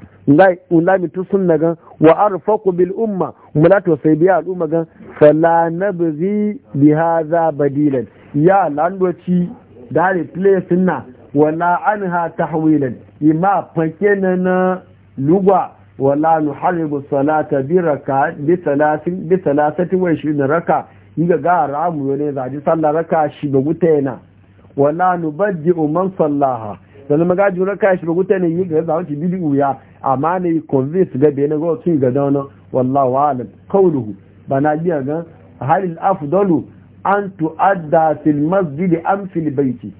ula mitu sunna gan wa arfaku bil umma mula to sai biya al'umma gan fala nabzi bi hadha badilan ya landoci da replace sunna wala anha tahwilan ima fanke na na lugwa wala nuharibu salata bi raka bi 30 bi 23 raka Yi ga ramu yone ji sallah raka shi ba guta yana wala nubaddi'u man sallaha sannan maga ji raka shi ba guta ne ga za wuce bidi wuya. amma ne convince ga bene go tun ga dano wallahu alam qawluhu bana biya ga hal afdalu an tu adda fil masjid am fil bayti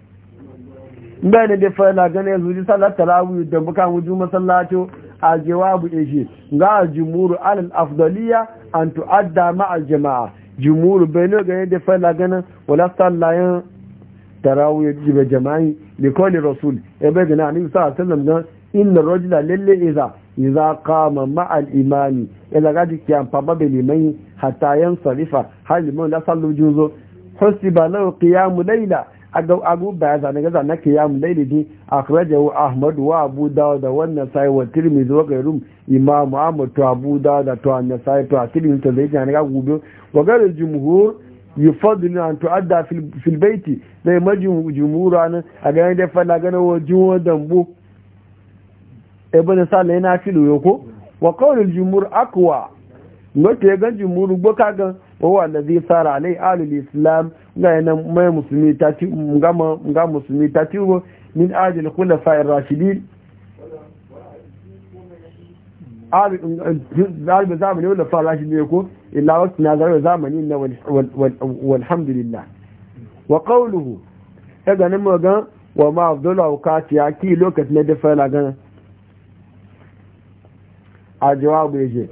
mbene da fa la gane zuji sallar tarawih da bukan wuju masallato a jawabu ishe ga jumuru al afdaliya an tu ma al jama'a jumuru bai ne ganin da fala ganin wala sallayan tarawih jibe jama'i likoli rasul ya bai gana annabi sallallahu alaihi wasallam gan inna rajula lalle iza iza qama ma'a al-imami ila gadi kiyan faba bai limai hatta yan sarifa har limon la sallu juzo husiba lahu qiyamu layla abu baya zane ga zane ke yamu laili ne a kirajawo ahmad wa abu dawo da wannan sai wa tirmi zuwa ga rum imamu ahmad to abu dawo da to an sai to a tirmi to zai jani ga gobe wa garin jumhur yufadlu an tu'adda fil baiti dai majin jumhur an a gani da fala gana wa juwa dambu ibn salih na filu yoko wa qawlul jumhur aqwa wata ya ganji muru gboka gan wawa da zai tsara alai alul islam ga yana mai musulmi ta ci ga musulmi ta ci ubo min ajil kula fa'in rashidi alibin zamani wanda fa'in rashidi ne ko illa wasu na zarar zamani na walhamdulillah wa qawluhu ya ganin magan wa ma zola wukati ya ki lokacin da dafa na gan a jawabu ya je.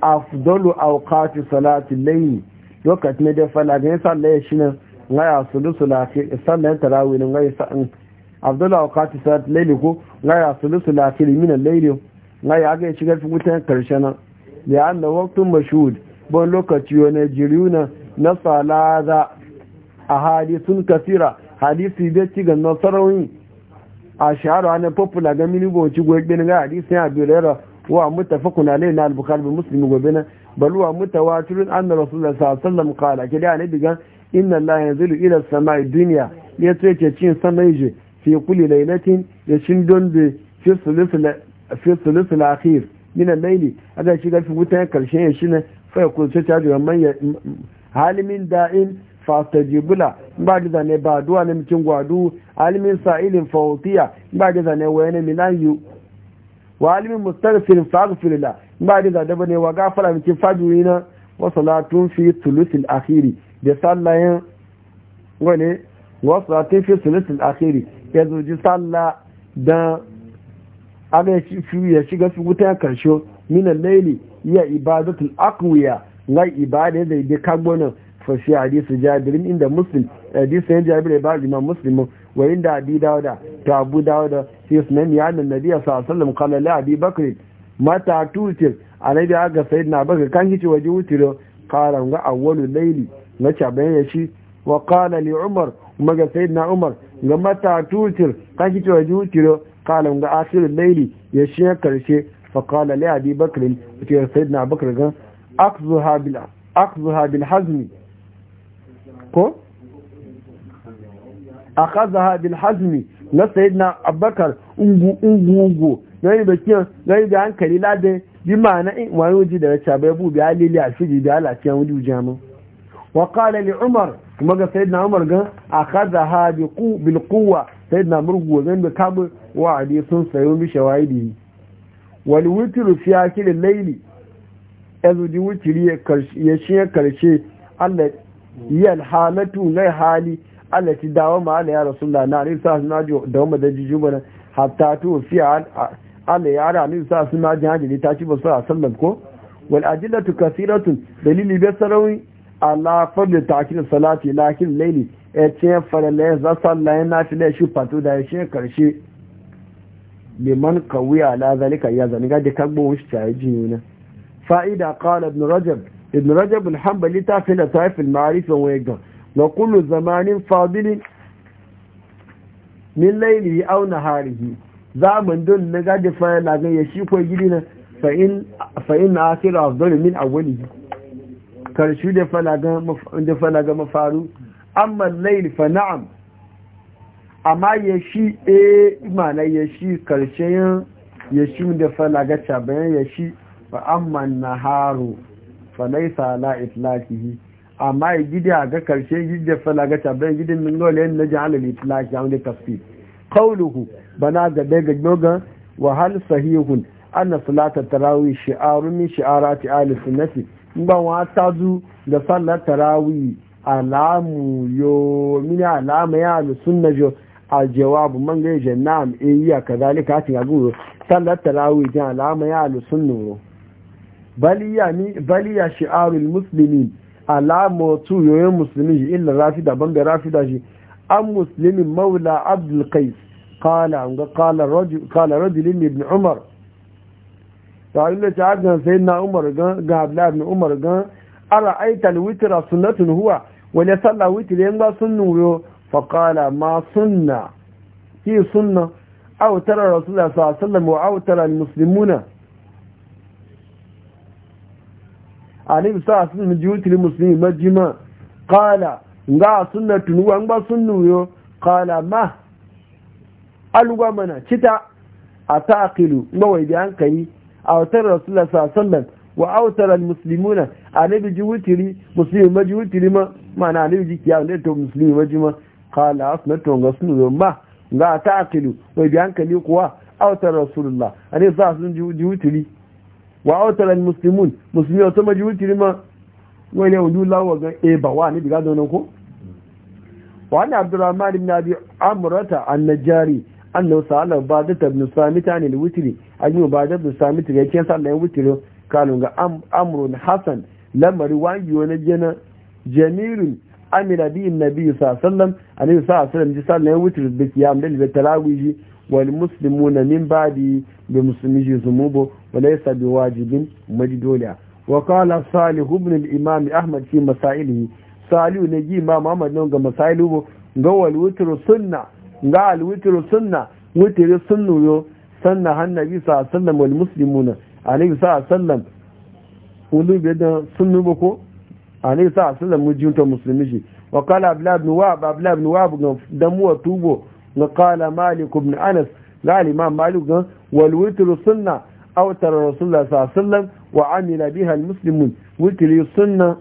afdalu awqati salati layl lokaci ne da fala ga sallah shi ne ngaya sulusu lafi sallah tarawih ne ngaya sa'an mm. afdalu awqati salati layl ko ngaya sulusu lafi min al-layl ngaya ga shiga fitan karshen nan. ya anna waqtun mashhud bon lokaci ne jiruna na salaza ahadithun kathira hadisi da ci ga nasarawin a shahara ne popular ga mini bo ci gwe ga hadisi ya bi wa muttafaqun alayhi na al-bukhari bi muslim gobe na bal wa mutawatir anna rasulullah sallallahu alaihi wasallam qala kida ne diga inna allaha yanzilu ila as-sama'i dunya ya tace cin samai je fi kulli laylatin ya cin don da fi sulusul fi sulusul akhir min al-layl aga shi ga fitan karshen ya shi ne fa ku ce ta da man halimin da'in fastajibula ba da zane ba duwa ne mutum gwadu halimin sa'ilin fautiya ba da zane wayane milan walimin mustarfin mustaghfirin faghfir la ba da da ne wa gafara miki fajuri na wa salatun fi thuluthil akhiri da sallayen wani wa salatun fi thuluthil akhiri ya zoji salla da ana ya shiga su wutan karshe min laili ya ibadatul aqwiya na ibada da bi kagonan fa shi hadisi jabirin inda muslim hadisi jabir ibad imam muslimu wa inda abi dawuda ta abu dawuda sai sunan ya nan nabi sallallahu alaihi wasallam qala li abi mata tutir annabi aga sayyidina bakr kan kici waje wutiro qala ga awwalu layli na ya shi wa qala umar kuma ga sayyidina umar ga mata tutir kan waje wutiro qala ga akhirul ya shi karshe fa qala li abi bakr wutir sayyidina bakr ga akzuha bil hazmi ko akhadha bil hazmi na sayyidina abubakar ungu ungu ungu yi da na yi da hankali ladin bi ma'ana in wani wuji da racha bai bu bi alili a shiji da alaciya wani wuji mu wa kala li umar kuma ga sayyidina umar gan a kaza ha bil sayyidina murgu gani da kabu wa sun sayo bi yi Wani wutiru fi kiri layli ya zuji wutiri ya shi ya karshe Allah yi alhalatu na hali Allah ci dawo ma Allah ya rasulullah na ri sa suna ji da mu da jiju bana hatta tu fi Allah ya ara ni sa suna ji haji da ta ci ba sa sallam ko wal ajillatu kathiratun dalili bi sarawi ala fadl ta'kid salati lakin layli e ce farale za sallaye na fi da shi fatu da shi karshe liman kawi ala zalika ya zani ga da kagbo shi ta ji ne fa'ida qala ibn rajab ibn rajab al-hanbali ta fi la ta'if al marifa wa yaga wa kullu zamanin fadilin min laili au naharihi zaman don na gaji fara lagan ya shi kwa gidi na fa'in na asiru afdolin min awali karshu da fa na falaga mafaru amma laili fa na'am amma ya shi e mana ya shi karshen ya shi da fa falaga cabayan ya shi fa amma naharu fa laisa la itlaqihi amma ya gidi a ga karshe gidi da fala ga tabbai gidi min dole yin naji halal itlaq ya wani tafsir qawluhu bana ga daga doga wa hal sahihun anna salata tarawih shi'aru min shi'arati ahli sunnati in ba wa zu da sallar tarawih alamu yo min alama ya ahli sunna jo al jawab man ga jannam eh ya kazalika tin aguro sallar tarawih din alama ya ahli sunna bal ya ni ya shi'arul muslimin alamotu yoyon musulmi shi illa rafida ban da rafida shi an musulmi maula abdul qais qala ga kala rajulin ibn umar ta illa ta sai na umar ga ga abdullah ibn umar ga ara aital witira sunnatun huwa wani salla witira yan ba sun nuriyo fa kala ma sunna fi sunna aw tara rasulullah sallallahu alaihi wa aw tara al musulmuna. sa sallallahu alaihi wasallam jutil muslimi majma qala nga sunnatun wa ba sunnu yo qala ma alwa mana cita ataqilu Ma bi hankali a wutar rasulullah sallallahu alaihi wa autar almuslimuna anabi jiwutiri muslimi majiwutiri ma mana anabi jikiya ne to muslimi majima qala asnatu sunnu yo ma nga ataqilu wai bi kai kuwa autar rasulullah anabi sallallahu alaihi wasallam jiwutiri wa autar al-muslimun musulmi wata majibutiri ma wani yawon dula wa ga eba wa ne biga donon ko wa ni abdurrahman ibn abi amrata an-najari annahu sa'ala badata ibn samit an al-witri an yi badata ibn samit ga yake sallan witri kanu ga amrun hasan lamari wa yi wani jana jamirun amira bi annabi sallallahu alaihi wasallam annabi sallallahu alaihi wasallam ji kiyam wal muslimuna min ba'di bi muslimi zumubo wa laysa bi wajibin madidoliya wa qala salih ibn al imam ahmad fi masailihi salihu ne ji imam ahmad nan ga masailu ga wal witru sunna ga al witru sunna witru sunnu yo sanna hannabi sallallahu alaihi wal muslimuna alaihi sallam ulu bi da sunnu boko alaihi sallam mujinta muslimi shi wa qala abla ibn wa abla ibn na kala malik ibn anas ga imam malik gan wal witru sunna aw tara rasulullah sallallahu alaihi wasallam wa amila biha al muslimun witri sunna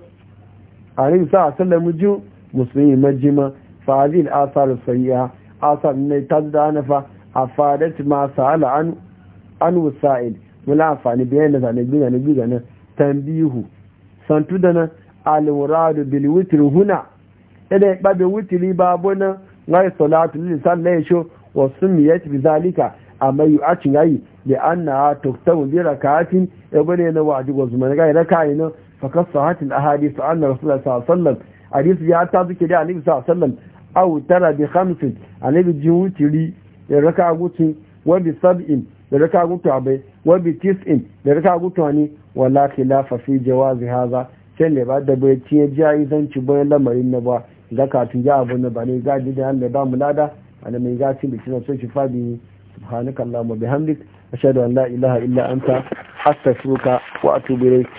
alaihi sallallahu alaihi musulmi majima fa hadhihi al athar sayyi'a athar ne fa afadat ma sa'ala an an wasa'il mula amfani da zane biyu zane biyu zane santu da na alwuradu bil witr huna idan babe witri babu na lai salatu lil lai sho wa sumiyat bi zalika amma yu acin gayi li anna tuktabu bi rakatin bane na wajibu zuman gayi rakayi na fakas sahatin ahadith anna rasulullah sallallahu alaihi wasallam hadith ya ta zuke da annabi sallallahu alaihi wasallam aw tara bi khamsin annabi jiwutiri da raka gutu wa bi sab'in da raka gutu abai wa bi tis'in da raka gutu ne wala khilafa fi jawazi hadha sai ne ba da bai ciye ya zan ci bayan lamarin na ba zakatun ya abu na bane ga ji da Allah ba mu lada ana mai ga cin bikin so shi fadi subhanaka allahumma bihamdik ashhadu an la ilaha illa anta astaghfiruka wa atubu ilayk